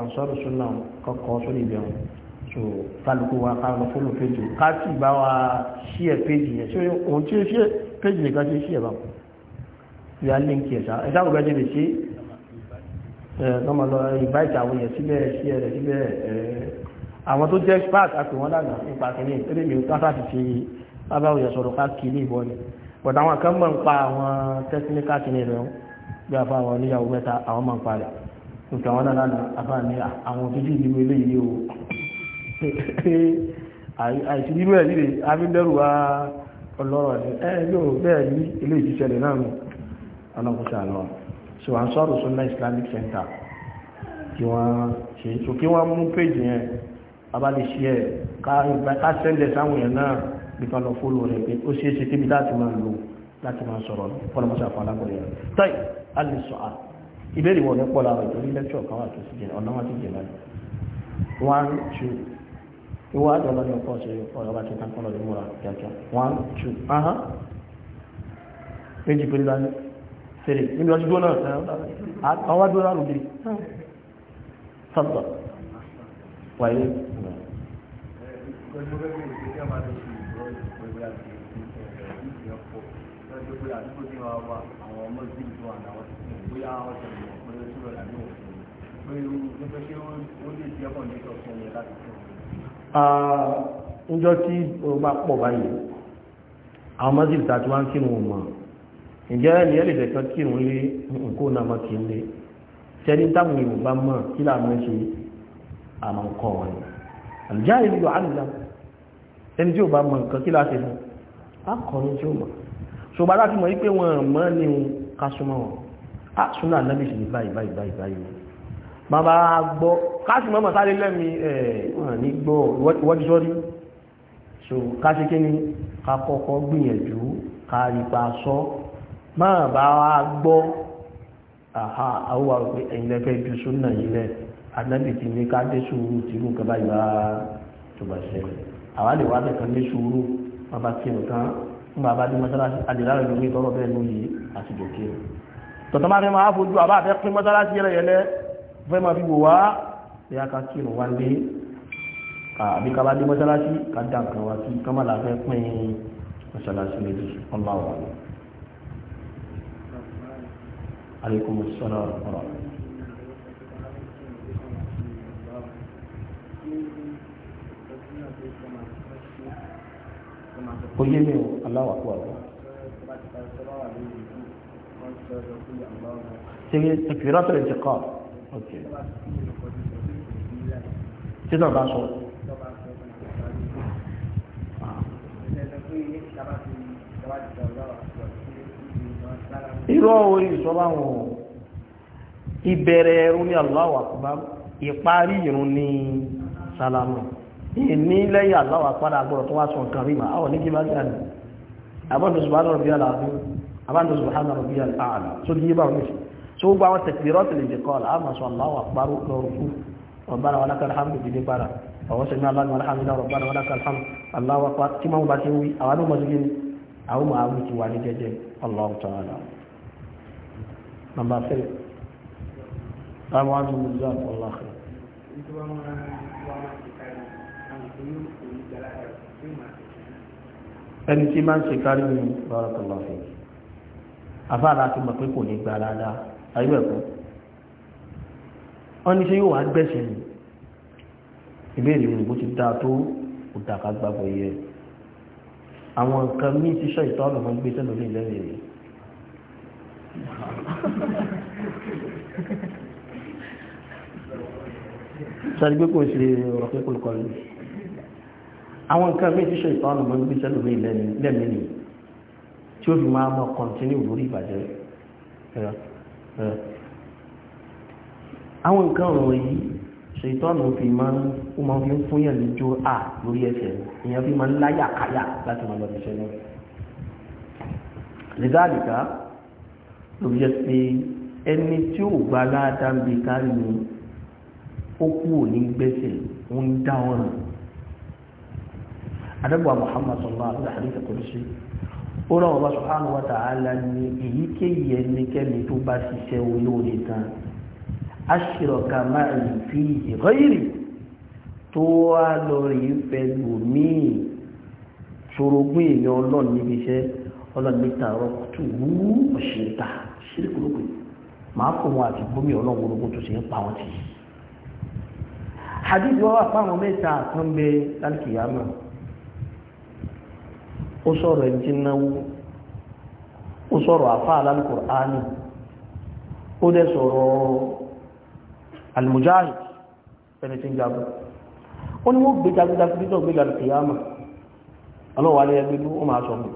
ansar sunna kọ́kọ́ sórí ìbí ọ̀hún so kálukú wa ká lọ fọ́lọ̀ péjì ká sì bá wa share péjì yẹn tí òun tí ó share péjì nìkan tí ó share báwọn you are linked here sáà ẹ̀dá ògbẹ́jì lè ṣe lọ́mọ lọ invite àwọn èèyàn síbẹ̀ sí ẹ̀rẹ̀ síbẹ̀ àwọn tó jẹ́ expert àti wọn dàgbà nípa kìíní eré mi káfà ti ṣe bábá òyà sọ̀rọ̀ ká kìíní ìbọn ni but àwọn kan mọ̀ ń pa àwọn technical kìíní rẹ̀ bí a fa àwọn oníyàwó mẹ́ta àwọn mọ̀ ń pa rẹ̀ nǹkan wọn náà náà afa ní àwọn òtútù ìlú eléyìí o àìsí irú ẹ̀ líle abíndẹ́rù wa ọlọ́rọ̀ ẹ̀ yóò bẹ́ẹ̀ ní ilé ìṣẹ̀lẹ̀ náà ọlọ́kùnṣà náà so Ansar Sunnah Islamic Center kí wọ́n ṣe so kí wọ́n mú péjì yẹn abáde sí ẹ̀ ká sẹ́ndẹ̀ sáwọn yẹn náà bí kan lọ fólò rẹ̀ pé ó ṣeé ṣe kébi láti máa lò láti máa sọ̀rọ̀ fọlọ́mọṣà fún alágbọ̀n yẹn tọ́yì alẹ́sọ̀ à ìbéèrè wọn ní pọ̀ lára ìtorí lẹ́kṣọ̀ kan wà tó sì jẹ́ ọ̀nà wọn ti jẹ́ láti one two ìwọ àjọlọ ní ọkọ ṣe ọ̀rọ̀ bá ti tán kọ́ lọ́dún múra kíákíá one two méjì péré lánàá tèrè níbi ọjọ́ gbóná àwọn wájú náà rùgbì sọ́tọ̀ wáyé Ọjọ́ tí o bá pọ̀ báyìí, àwọn mọ́sílì tàbí wá ń kí ní wọn ǹjẹ́ ẹni ẹ lè fẹ́ kan kí òun lé nǹkó náà máa kì í lé sẹ́ni táwọn èèyàn bá mọ̀ kí làwọn ṣe àmọ́ nǹkan wọn ni àlùjá ìlú àlùjá ẹni tí ò bá mọ̀ nǹkan kí láti fún akọrin tí ó mọ̀ ṣùgbọ́n láti mọ̀ wípé wọn mọ́ ní ká súnmọ́ wọn á súnmọ́ ànábì ká rí pa sọ́ máa bá wá gbọ́ àhá àwọ́ àrùpé ẹ̀yìn lẹ́fẹ́ ju súnà yìí lẹ́ anábì ti ní ká dé sùúrù tí irú nǹkan báyìí bá tó bá ṣẹlẹ̀ àwa lè wá bẹ̀kan ní sùúrù wọn bá kí nǹkan ń bá bá dé mọ́sálásí adìlára ìlú mi tọrọ bẹ́ẹ̀ lóyè àti jòkè tọ̀tọ̀ máa fẹ́ máa fojú àbá àfẹ́ pín mọ́sálásí yẹlẹ yẹlẹ fẹ́ máa fi wò wá bí a ká kí wá lé àbí ká bá dé mọ́sálásí ká dá nǹkan wá sí ká má fẹ́ pín mọ́sálásí méjì ọlọ́wọ́ عليكم السلام ورحمة الله Oye mi o, aláwọ̀ àpò àgbà. Ṣé ìfìrà tó lè ti kọ́? Títọ̀ bá sọ. Ṣé ìfìrà tó lè ti kọ́? irọ́ orí ìṣọ́bà wọn ìbẹ̀rẹ̀ ẹ̀rù ní Allahu Akbar ìparí ìrun ní sálámù ìní lẹ́yìn Allahu Akbar àgbọ̀rọ̀ tó wá sọ nǹkan rí màá ọ̀ ní kí bá rí àná àbọ̀dọ̀ subhana rabbiyal azim àbọ̀dọ̀ subhana rabbiyal a'la tó di yíba oníṣẹ́ tó gba àwọn takbirat al-intiqal àmà sọ Allahu Akbar lọ́rùkú rabbana wa lakal àwọn máa wí ti wà ní jẹ́jẹ́ Allahu ta'ala nàmbà three àwọn àti mùsùlùmí àti ọlọ́ọ̀kì. ẹni tí máa ń ṣe kárí ní barakallahu fi afáàlá ti mọ̀ pé kò ní gba dáadáa ayé ẹ̀kọ́ wọ́n ní ṣe yóò wá gbẹ̀sẹ̀ ní ìbéèrè òyìnbó ti dáa tó òdàkà gbàgbọ́ yẹ àwọn nǹkan mí ti ṣọ́ ìtọ́ ọ̀nà gbé tẹ́lò ní ilẹ̀ rẹ̀ sọ́rí pé kò ṣe ọ̀rọ̀ pé kò kọ́ lórí àwọn nǹkan mí ti ṣọ́ ìtọ́ ọ̀nà gbé tẹ́lò ní ilẹ̀ lẹ́mìnì tí ó fi máa mọ́ kọ́ntínú lórí ìbàjẹ́ àwọn nǹkan ọ̀rọ̀ yìí ṣètọ́nù fi máa ń ó máa fi ń fún yàn lójú à lórí ẹsẹ̀ èèyàn fi máa ń láyà káyà láti máa lọ sí ṣẹlẹ̀ lẹ́gáàlìkà ló yẹ pé ẹni tí ò gba aláàdá ń bi kárí ni ó kú òní gbẹ́sẹ̀ ń dá ọ̀ràn adébọ̀ Muhammad sallallahu alaihi wa sallam àdéhùn kọ́lọ́sí ó rán ọba subhanahu wa ta'ala ní èyíkéyìí ẹnikẹ́ni tó bá ṣiṣẹ́ olóore gan-an aṣírọ̀kà máa rí fi ìrọ́yìrì tó lori lọ rí pẹ̀lú míì ṣorogún èèyàn ọlọ́run níbi iṣẹ́ ọlọ́run ní tààrọ tó wú ọ̀ṣẹ̀ta ṣírìkúrúkú máa kò wọn àti pa wọn ti hadith wọn wà fáwọn mẹ́ta kan almujahid ẹni tí ń jagun ó ní wọ́n gbé jagunjagun títọ́ gbé jagun kìyàmà ọlọ́wà alẹ́ ẹgbẹ́ ló máa sọ mọ́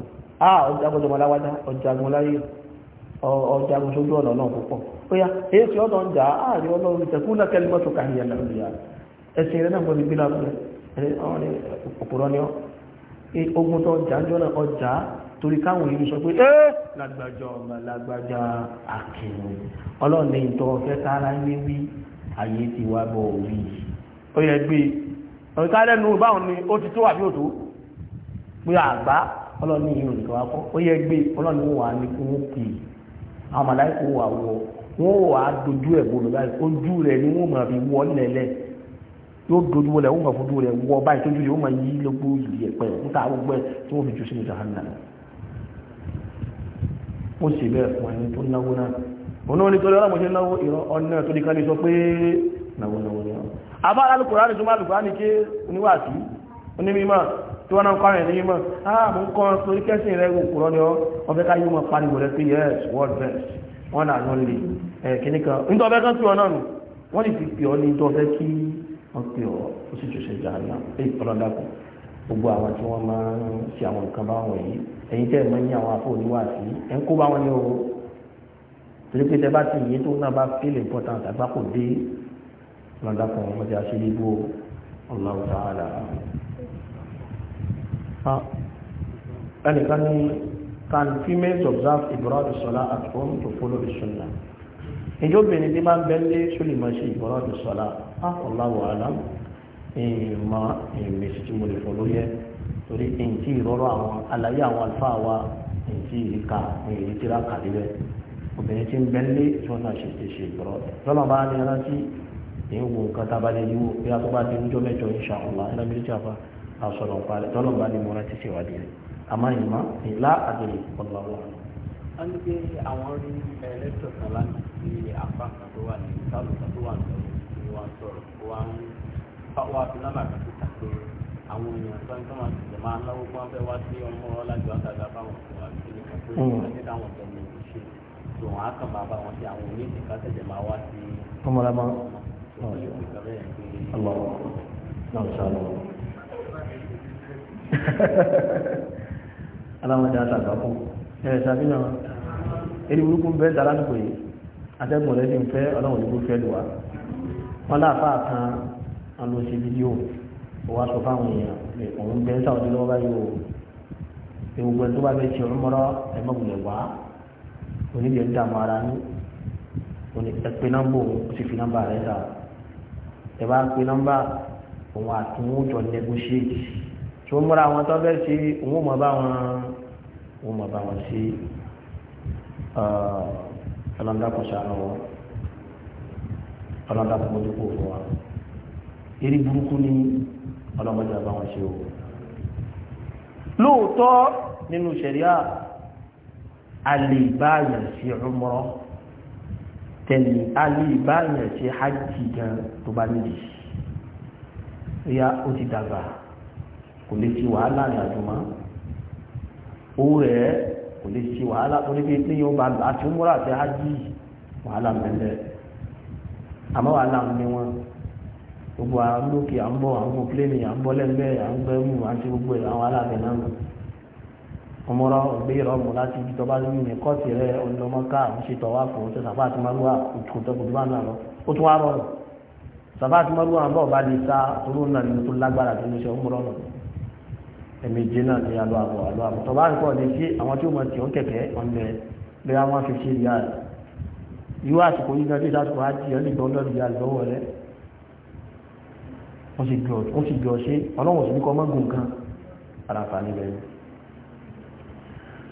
a ọjagun ọmọ aláwájá ọjagun láyé ọjagun sójú ọ̀nà náà púpọ̀ ó yá èyí tí ọ̀nà ń jà ààrẹ ọlọ́run ìtẹ̀kú náà kẹ́lí mọ́tò kàhíyà lẹ́nu ẹ̀sìn rẹ̀ náà gbọ́dọ̀ gbé lábẹ́ òpòrọ̀ ni ogun tó ọjà ń jọ́nà ọjà torí káwọn ìlú sọ pé ẹ́ lágbàjọ ọmọ lágbàjá àkìrò ọlọ́ọ̀lẹ́yìn tó ọ̀fẹ́ kára ń wí ayé ti wá bọ̀ orí o yẹ gbé ọ̀ká lẹ́nu báwọn ni ó ti tó otu òtó pé àgbá ọlọ́ni ìhìn wá kọ́ yẹ gbé ọlọ́ni wà ní àwọn màláìkò wà wọ wà á dojú ẹ̀ ojú rẹ̀ ni wọ́n máa fi wọ́ yóò dojú wọlé wọ́n máa fojú rẹ̀ wọ́ báyìí tójú máa yí yìí òun nítorí ọlọ́mọ̀ṣẹ́ náwó ìran ọ̀nà tó díkà lè sọ pé nàwọ̀nàwọ̀ ni wọ́n àbá alùkùnrin ní túnmọ̀ alùkùnrin ní ké oníwàásí onímọ̀ tí wọ́n náà kọ́ rẹ̀ níyìmọ̀ ààbò ń kọ́ torí ah, kẹ́sìn rẹ̀ òkúrọ́ ni wọ́n fẹ́ ká yíò máa pariwo rẹ̀ pé yes world best wọ́n náà lọ kan nítorí kan torí pé tẹ́bá ti yìí tó náà bá feel important àgbà kò dé lọ́dà kan ọmọdé aṣèlú ibú Allahu ta'ala. Ah. ẹnìkan ní can females observe ìbúrọ́dù sọlá at home to follow the sunnah? ìjọ obìnrin tí bá ń bẹ́lẹ̀ sólè máa ṣe ìbúrọ́dù sọlá ah, Allahu alam ìmọ̀ ìmẹ̀sì tí mo lè fọ́ lórí ẹ̀ torí èyí tí ìrọ́rọ́ àwọn àlàyé àwọn àlùfáà wa èyí tí ìka èyí tí ra kàdé bẹ́ẹ̀ obìnrin tí ń gbẹ́lé tí wọ́n náà ṣe ṣe ṣe ìgbọ́rọ̀ lọ́nà bá ní rántí èyí wo nǹkan tá a bá lè yíwò bí a tó bá ti níjọ́ mẹ́jọ insha Allah ẹ̀rọ mi níjà bá a sọ̀rọ̀ nípa rẹ̀ lọ́nà bá ní mo rántí ṣe wádìí rẹ̀ àmọ́ ìmọ̀ ìlà àdèrè ọ̀là wà. wọ́n ní pé àwọn rí ẹlẹ́tọ̀ kan láti fi apá kan tó wà ní sáàlù kan tó wà ní wọn sọ̀rọ̀ wọn wá tó wọn á kàn máa bá wọn ṣe àwọn oníṣẹ́ ká tẹ̀lé máa wá sí. ọmọlámà ọlọ́wọ́ náà sálọ. aláwọn jẹ́ àtàgbà fún ẹ̀rẹ̀ sàfihàn eré burúkú ń bẹ́ dára nípò yìí atẹ́gùn rẹ̀ sì ń fẹ́ ọlọ́run ní kó fẹ́ lù wá wọn láàfáà kan wọn ló ṣe fídíò wọ́n sọ fáwọn èèyàn òun bẹ́ẹ̀ sáwọn ọdún lọ́wọ́ báyìí o ewu gbẹ̀dúgbà bẹ́ẹ̀ ṣe ọlọ́mọdọ́ oníbi ẹ̀ ń dààmú ni, ní òní ẹ̀pẹ́ nọ́mbà òun ó sì fi nọ́mbà rẹ̀ dà ẹ̀ bá pe nọ́mbà òun àti òun jọ negotiate tí wọ́n múra wọn tó bẹ́ẹ̀ ṣe òun ò mọ̀ bá wọn òun mọ̀ bá wọn ṣe ọlọ́dàkùnṣe àná wọn ọlọ́dàkùn mojú kò fún wa eré burúkú ní ọlọ́mọdé àbáwọn ṣe o lóòótọ́ nínú ṣẹ̀ríà alìbáyàn sí umrah tẹ̀lé alìbáyàn sí hajj gan tó bá níbi ríà ó ti dàgbà kò lè ti wàhálà ìrìnàjò mọ́ owó rẹ̀ kò lè ti wàhálà kò lè fi pé yóò bá lọ àti umrah àti hajj wàhálà mẹ́lẹ̀ àmọ́ wàhálà ní wọn gbogbo àwọn lókè à ń bọ̀ àwọn pléènì à ń bọ́ lẹ́gbẹ̀ẹ́ à ń gbẹ́mú àti gbogbo àwọn aláàbẹ̀ náà ọmọrọ ọgbẹ yìí rọmù láti ibi tó bá ní ní kọ́ọ̀tì rẹ ọlọmọká àmúṣe tọ́wá fún oṣù sàbá àti márùwà kò tó kò tó bá náà lọ ó tún wá rọrùn sàbá àti márùwà náà bá lè sa olóhùn náà nínú tó lágbára tó ní ṣe ọmọrọ náà ẹ̀mẹ̀jẹ náà ní alọ àbọ̀ alọ àbọ̀ tọ́ba àti kọ́ọ̀dé sí àwọn tí ó mọ̀ tí ó kẹ̀kẹ́ ọ̀nẹ́ bẹ́ẹ̀ wọ́n fi ṣe ìyá rẹ̀ irú àsìkò yìí gan-an tí sásìkò á ti ọ̀nì gbọ́n lọ́dún ìyá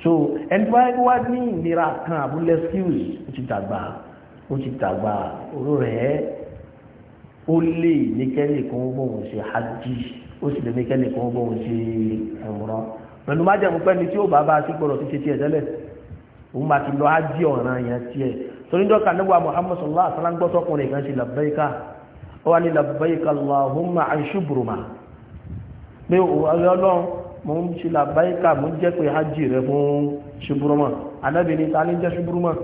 so ẹni tó wáyé wá ní ìlera kan àbúlé skills ó ti dàgbà ó ti dàgbà oró rẹ̀ ó lè ní kẹ́lẹ̀ kan ó bọ̀wọ̀ ṣe hajj ó sì lè ní kẹ́lẹ̀ kan ó bọ̀wọ̀ ṣe ẹ̀wọ̀n pẹ̀lú májẹ̀mú pẹ́ni tí ó bá bá sí gbọ́dọ̀ ti tiẹ̀ tẹ́lẹ̀ òun bá ti lọ ájí ọ̀ràn yẹn tiẹ̀ torí jọ kà níwà muhammad sallallahu alaihi wasallam gbọ́sọ́kùnrin kan sí labbaika ó wà ní labbaika allahumma an shubruma pé ọlọ́run mo ń ṣe làbáyíkà mo ń jẹ́ pé hajj rẹ fún ṣubúrúmọ̀ anábìnrin ta ní jẹ́ ṣubúrúmọ̀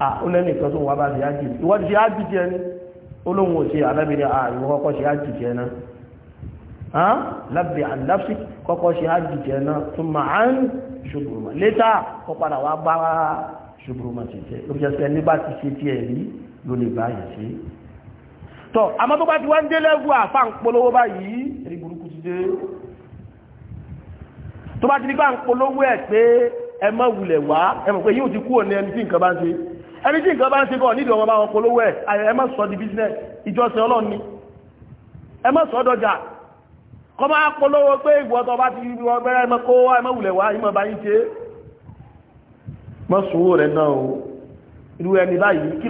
à ó lẹ́nìkan tó wà bá ṣe hajj ìwọ́n ti ṣe hajj jẹ ni olóhun ò ṣe anábìnrin à ìwọ́ kọ́kọ́ ṣe hajj jẹ náà lábì àláfí kọ́kọ́ ṣe hajj jẹ náà tó máa ń ṣubúrúmọ̀ létà kọ́ padà wá bá ṣubúrúmọ̀ ti jẹ ló fi tó bá ti di bá ń polówó ẹ̀ pé ẹ má wulẹ̀ wá ẹ pé ti ní ẹni tí nǹkan bá ń ṣe ẹni tí nǹkan bá ń ṣe bọ̀ nídìí ọmọ bá wọn polówó ẹ̀ ẹ má sọ di ìjọsìn ọlọ́run ni ẹ má sọ dọjà kọ́ máa polówó pé tó bá ti wọn wulẹ̀ wá ìmọ̀ bá yín ṣe mọ́ rẹ̀ náà o irú ẹni báyìí kí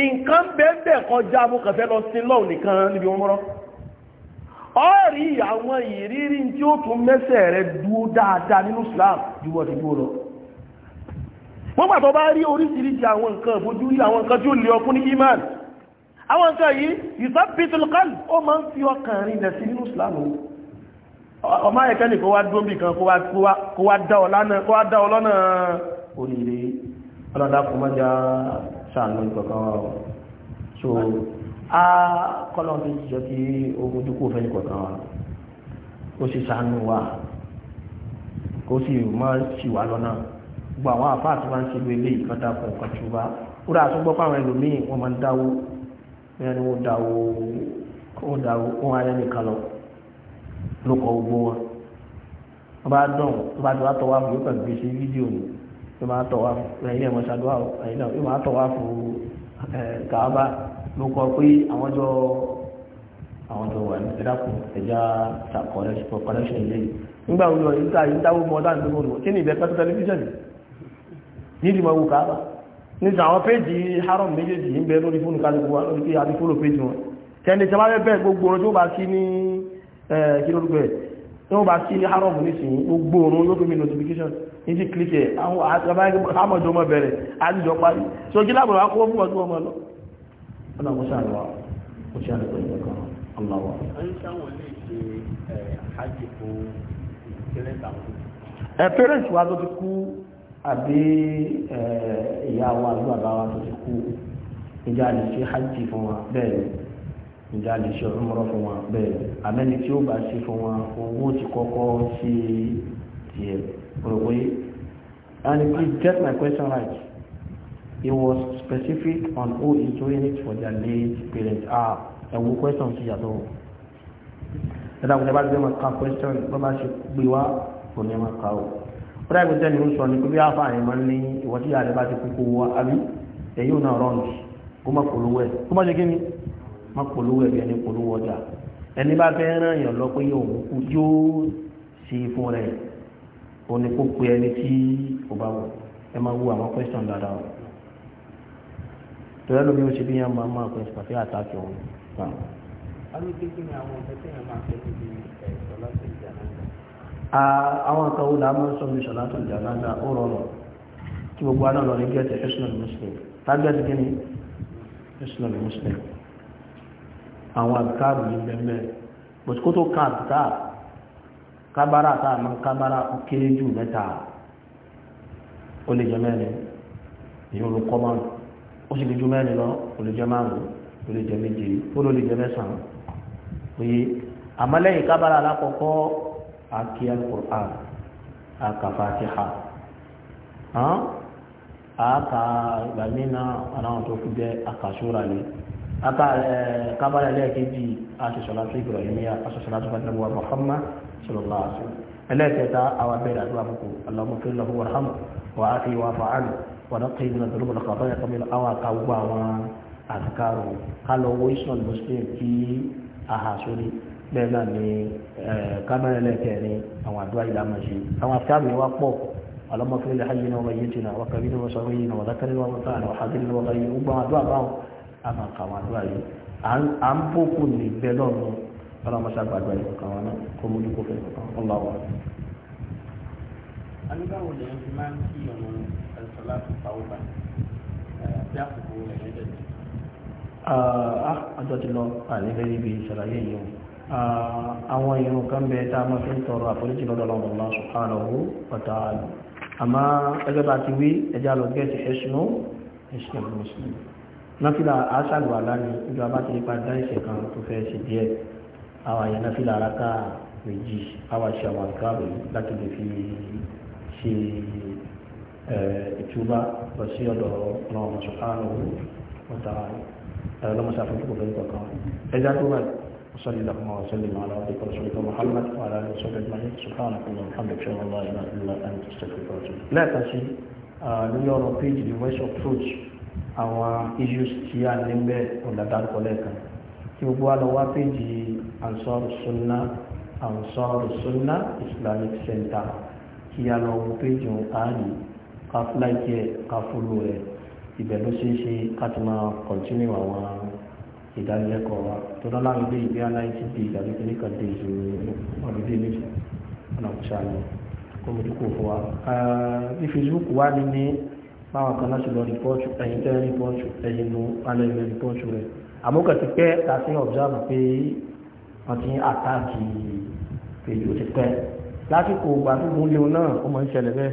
nǹkan bẹ́ẹ̀ kọjá amúkànfẹ́ lọ sí lọ́wọ́ nìkan níbi wọn mọ́rọ́ ọ̀rí àwọn ìrírí tí ó tún mẹ́sẹ̀ rẹ̀ dúó dáadáa nínú Islam jùwọ́ ti dúó lọ wọ́n pàtọ́ bá rí oríṣiríṣi àwọn nǹkan ìbojú rí àwọn nǹkan tí ó lè ọkún ní iman àwọn nǹkan yìí yuthabbitul qalb ó máa ń fi ọkàn rí lẹ̀ sí nínú Islam ọmọ ẹ̀kẹ́ nìkan wá dúó bì kan kó wá dá ọlọ́nà oríire ọlọ́dà kò mọ́jà sàánú ìkọ̀kan wà ó so a kọ́lọ̀ fi jọ kí ogun dúkú fẹ́ ìkọ̀kan wà ó sì sàánú wà kó sì mọ́ sí wà lọ́nà gbogbo àwọn àfáà tí wọ́n ń ṣèlú ilé ìkọ́ta fún nǹkan tó bá ó rà tó gbọ́ fáwọn ẹlòmíì wọ́n máa ń dáwó bẹ́ẹ̀ ni wọ́n dáwó wọ́n dáwó wọ́n á lẹ́nìkan lọ lókọ̀ ogun wọn wọ́n bá dán wọ́n bá tó wá tọwọ́ àbúrò pẹ̀lú gbèsè fídíò nìyí yóò máa tọ̀ wá ẹ̀yìn ẹ̀mọ́ ṣàdúrà ẹ̀yìn náà yóò máa tọ̀ wá fún kàábà ló kọ pé àwọn jọ àwọn jọ wà ní ìdákùn ẹja ṣàkọlẹ́ṣẹ̀ ilé yìí nígbà wo yọ ìta yìí dáwó mọ́ dáàbò mọ́ mọ́ kí ni ìbẹ̀ pẹ́tọ́ tẹlifíṣàn nídìí máa wo kàábà níta àwọn péjì haram méjèèjì ń bẹ lórí fóònù kálukú wa lórí pé àbí fóònù péjì wọn kẹ́ni tí wọ́n bá fẹ́ bẹ́ẹ̀ gbogbo ọjọ́ kí tí wọ́n bá sí ní haram nísìnyí gbogbo oorun yóò fi mi notification ní ti click ẹ̀ àwọn àmọ̀jọ ọmọ bẹ̀rẹ̀ àjíjọ parí so kí lábọ̀ wá kó fún ọdún ọmọ lọ ọ̀nà mo ṣe àlọ́ mo ṣe àlọ́ pẹ̀lú ẹ̀kọ́ ọlọ́wọ́. ẹ parents wa tó ti kú àbí ìyá wa àbí bàbá wa tó ti kú ìjà lè ṣe hajj fún wa bẹ́ẹ̀ ni ǹjẹ́ a lè ṣe umrah fún wọn bẹ́ẹ̀ àmẹ́ni tí ó bá ṣe fún wọn owó ti kọ́kọ́ sí tiẹ̀ pòròpóyé and if you get my question right it was specific on who is doing it for their late parents ah ẹ̀wù question ti yàtọ̀ ẹ̀dá kò tẹ́ bá gbé ma ka question bá bá ṣe gbé wá kò ní ma ka o ó dàgbé tẹ́ni ó sọ ní pé bí àfààní máa ń ní ìwọ́tí yàrá bá ti kúkú wá àbí ẹ̀yìn náà rọ̀ǹdì kó má polówó ẹ̀ kó má ṣe kí ni má polówó ẹbí ẹni polówó ọjà ẹni bá fẹ́ ràn yàn lọ pé yóò kú yóò ṣe fún rẹ̀ ó ní kó pe ẹni tí ó bá wọ̀ ẹ máa wo àwọn question dáadáa o tọ́lá lómi ó ṣe bí yàn máa máa pẹ́ pàṣẹ àtàkì òun. àwọn kan wo làá máa ń sọ ní ṣọ̀látò ìjànáza ó rọrùn kí gbogbo aná lọ ní gẹ́tẹ̀ islam muslim tágẹ́tì kí ni islam muslim àwọn àbíkáàrù yìí bẹ̀mẹ̀ bọ̀tí kó tó ká àbíkáàrù kábàárà tá a máa kábàárà ó kéré jù mẹ́ta ó lè jẹ mẹ́rin èyí ló kọ́ márùn ó sì lè ju mẹ́rin lọ ó lè jẹ márùn ó lè ìgbàmínà àwọn tó kú jẹ́ àkàṣúra ni kábàlà ẹlẹ́ẹ̀kejì aṣọṣọlá tó ìgbọ̀rọ̀ yìí aṣọṣọlá tó fàtí lọ́wọ́ Muhammad sallallahu alaihi wasallam ẹlẹ́ẹ̀kẹta àwọn abẹ́rẹ́ àdúrà fún kù Allahumma fẹ́ lọ́wọ́ warham wà á fi wà fa'al wà náà kéyìn náà dọ́lọ́bọ̀ lọ́kọ̀ àbáyà kọ́mi àwọn àkàwọ́ àwọn àtikárò kálọ̀ owó islam muslim kí ahasori bẹ́ẹ̀ náà ni kábàlà ẹlẹ́ẹ̀kẹrin àwọn àdúrà ìlànà ṣe àwọn àtikárò yẹn wá pọ̀ Allahumma fẹ́ lẹ́ àmà kàwọn àdúrà yìí à ń bókun ní bẹ́ẹ̀ lọ́nà ọlọ́mọṣà gbàgbà yìí kàwọn náà kó mú dúkọ́ fẹ́ kàn án lọ́wọ́. anígbàwò lẹ́yìn tí máa ń kí ọ̀run ẹ̀sọ́lá tó pa ó bá bí àkókò ẹ̀yẹ́ dẹ̀ ọjọ́ ti lọ àníbẹ̀ níbi ìṣàlàyé yìí àwọn irun kan bẹ tá a máa fi ń tọrọ àforíjì lọ́dọ̀ Allah subhanahu wa ta'ala àmọ́ ẹgbẹ́ bá ti wí ẹjá lọ gẹ́ẹ̀tì ẹ̀ṣinú ẹ̀ṣinú mùsùlùmí náfìlà aṣáàlù aláni ìjọ abáṣe nípa dá ìṣẹ̀ kan tó fẹ́ ṣe díẹ̀ àwọn àyẹ̀ náfìlà aráká méjì àwọn àṣẹ àwọn àgbàbọ̀ láti lè fi ṣe ìtúbà lọ sí ọ̀dọ̀ ọlọ́run sọ̀kánù ọ̀tà ọlọ́mọṣàfẹ́kọ̀ọ́ fẹ́ kọ̀ọ̀kan ẹja tó wà وصلي اللهم وسلم على عبدك ورسولك محمد وعلى اله وصحبه اجمعين سبحانك اللهم وبحمدك اشهد ان لا اله الا انت استغفرك واتوب لا تنسي نيويورك بيج دي فويس اوف تروث àwọn issues tí a ní bẹ́ ọ̀dàdàkọ lẹ́ẹ̀kan tí gbogbo wa lọ wá péjì ansar sunna ansar sunna islamic center kí a lọ wọ péjì ààrì káfíláìkì ẹ̀ káfúlù rẹ̀ ibẹ̀ ló ṣeé ṣe káti máa continue àwọn ìdánilẹ́kọ̀ọ́ wa tó dán láàrin bí ìgbé aláìsí di ìdàbí kìíní kan dé ìṣòro ọdún dé méjì ọ̀nà kò ṣàlùwọ̀ kó mo dúkò fún wa. ní facebook wá ní ní báwọn kan láti lọ rìpọ́ọ̀tù ẹ̀yìn tẹ́ rìpọ́ọ̀tù ẹ̀yìn nu alẹ́ ilẹ̀ rìpọ́ọ̀tù rẹ̀ àmúkà ti pẹ́ tàbí ọ̀bùsáàmù pé wọ́n ti ń àtàkì èyí ó ti pẹ́ lásìkò ìgbà tó gún léwu náà ó máa ń ṣẹlẹ̀ bẹ́ẹ̀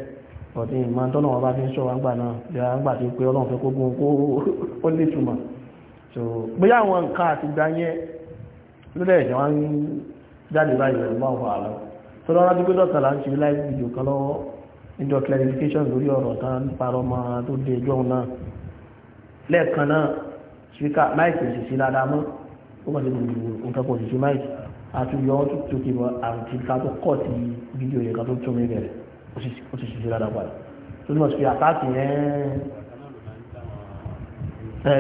ọ̀tí ìmọ̀ tọ́nà wọn bá fi ń ṣọ́wọ́ àgbà náà bí a ń gbà tí pé ọlọ́run fẹ́ kó gún kó ó lè túmọ̀ so bóyá àwọn nǹkan àti gbá yẹn lórí ẹ̀jẹ̀ wọn jáde báyìí rẹ̀ lọ́wọ́ àlọ́ tó lọ́ra níjọ clarification lórí ọ̀rọ̀ tán parọ́ mọ́ tó dé ẹjọ́ náà lẹ́ẹ̀kan náà spika máìkì sì sí dáadáa mọ́ ó kàn sí gbogbo nǹkan kò sì sí máìkì àti yọ ọ́ tó kí wọ́n àti ká tó kọ́ ti fídíò yẹn ká tó tún mí bẹ̀rẹ̀ ó sì sì sí dáadáa padà tó ní wọ́n sì àtàkì yẹn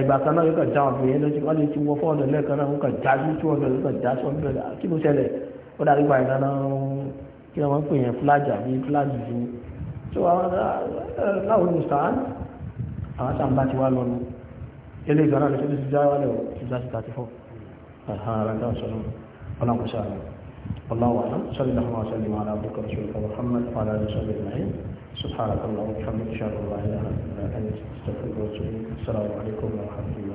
ìgbà kan náà yóò kàn já ọ̀bẹ yẹn lọ́sí wọ́n lè ti wọ fọ́ọ̀dọ̀ lẹ́ẹ̀kan náà wọ́n kàn já sí tí wọ́n bẹ̀rẹ̀ kàn já sọ́ọ̀bẹ̀rẹ̀ kí ló ṣẹlẹ̀ ó dàrí gbà yẹn náà kí wọ́n pè yẹn fúlájà bíi fúlájì yìí so láwọn mùsàn àwọn sàmbá ti wá lọ́nu ilé ìgbàrá rẹ̀ tó ti já wálẹ̀ ti já sí 34 àhàrà dáwọn sọ́nà ọlọ́kùnṣà rẹ̀ ọlọ́wà sọ́lẹ̀ Muhammad wàlá sọ́lẹ̀ ìmáyìn سبحانك اللهم وبحمدك اشهد ان لا اله الا انت استغفرك واتوب السلام عليكم ورحمه الله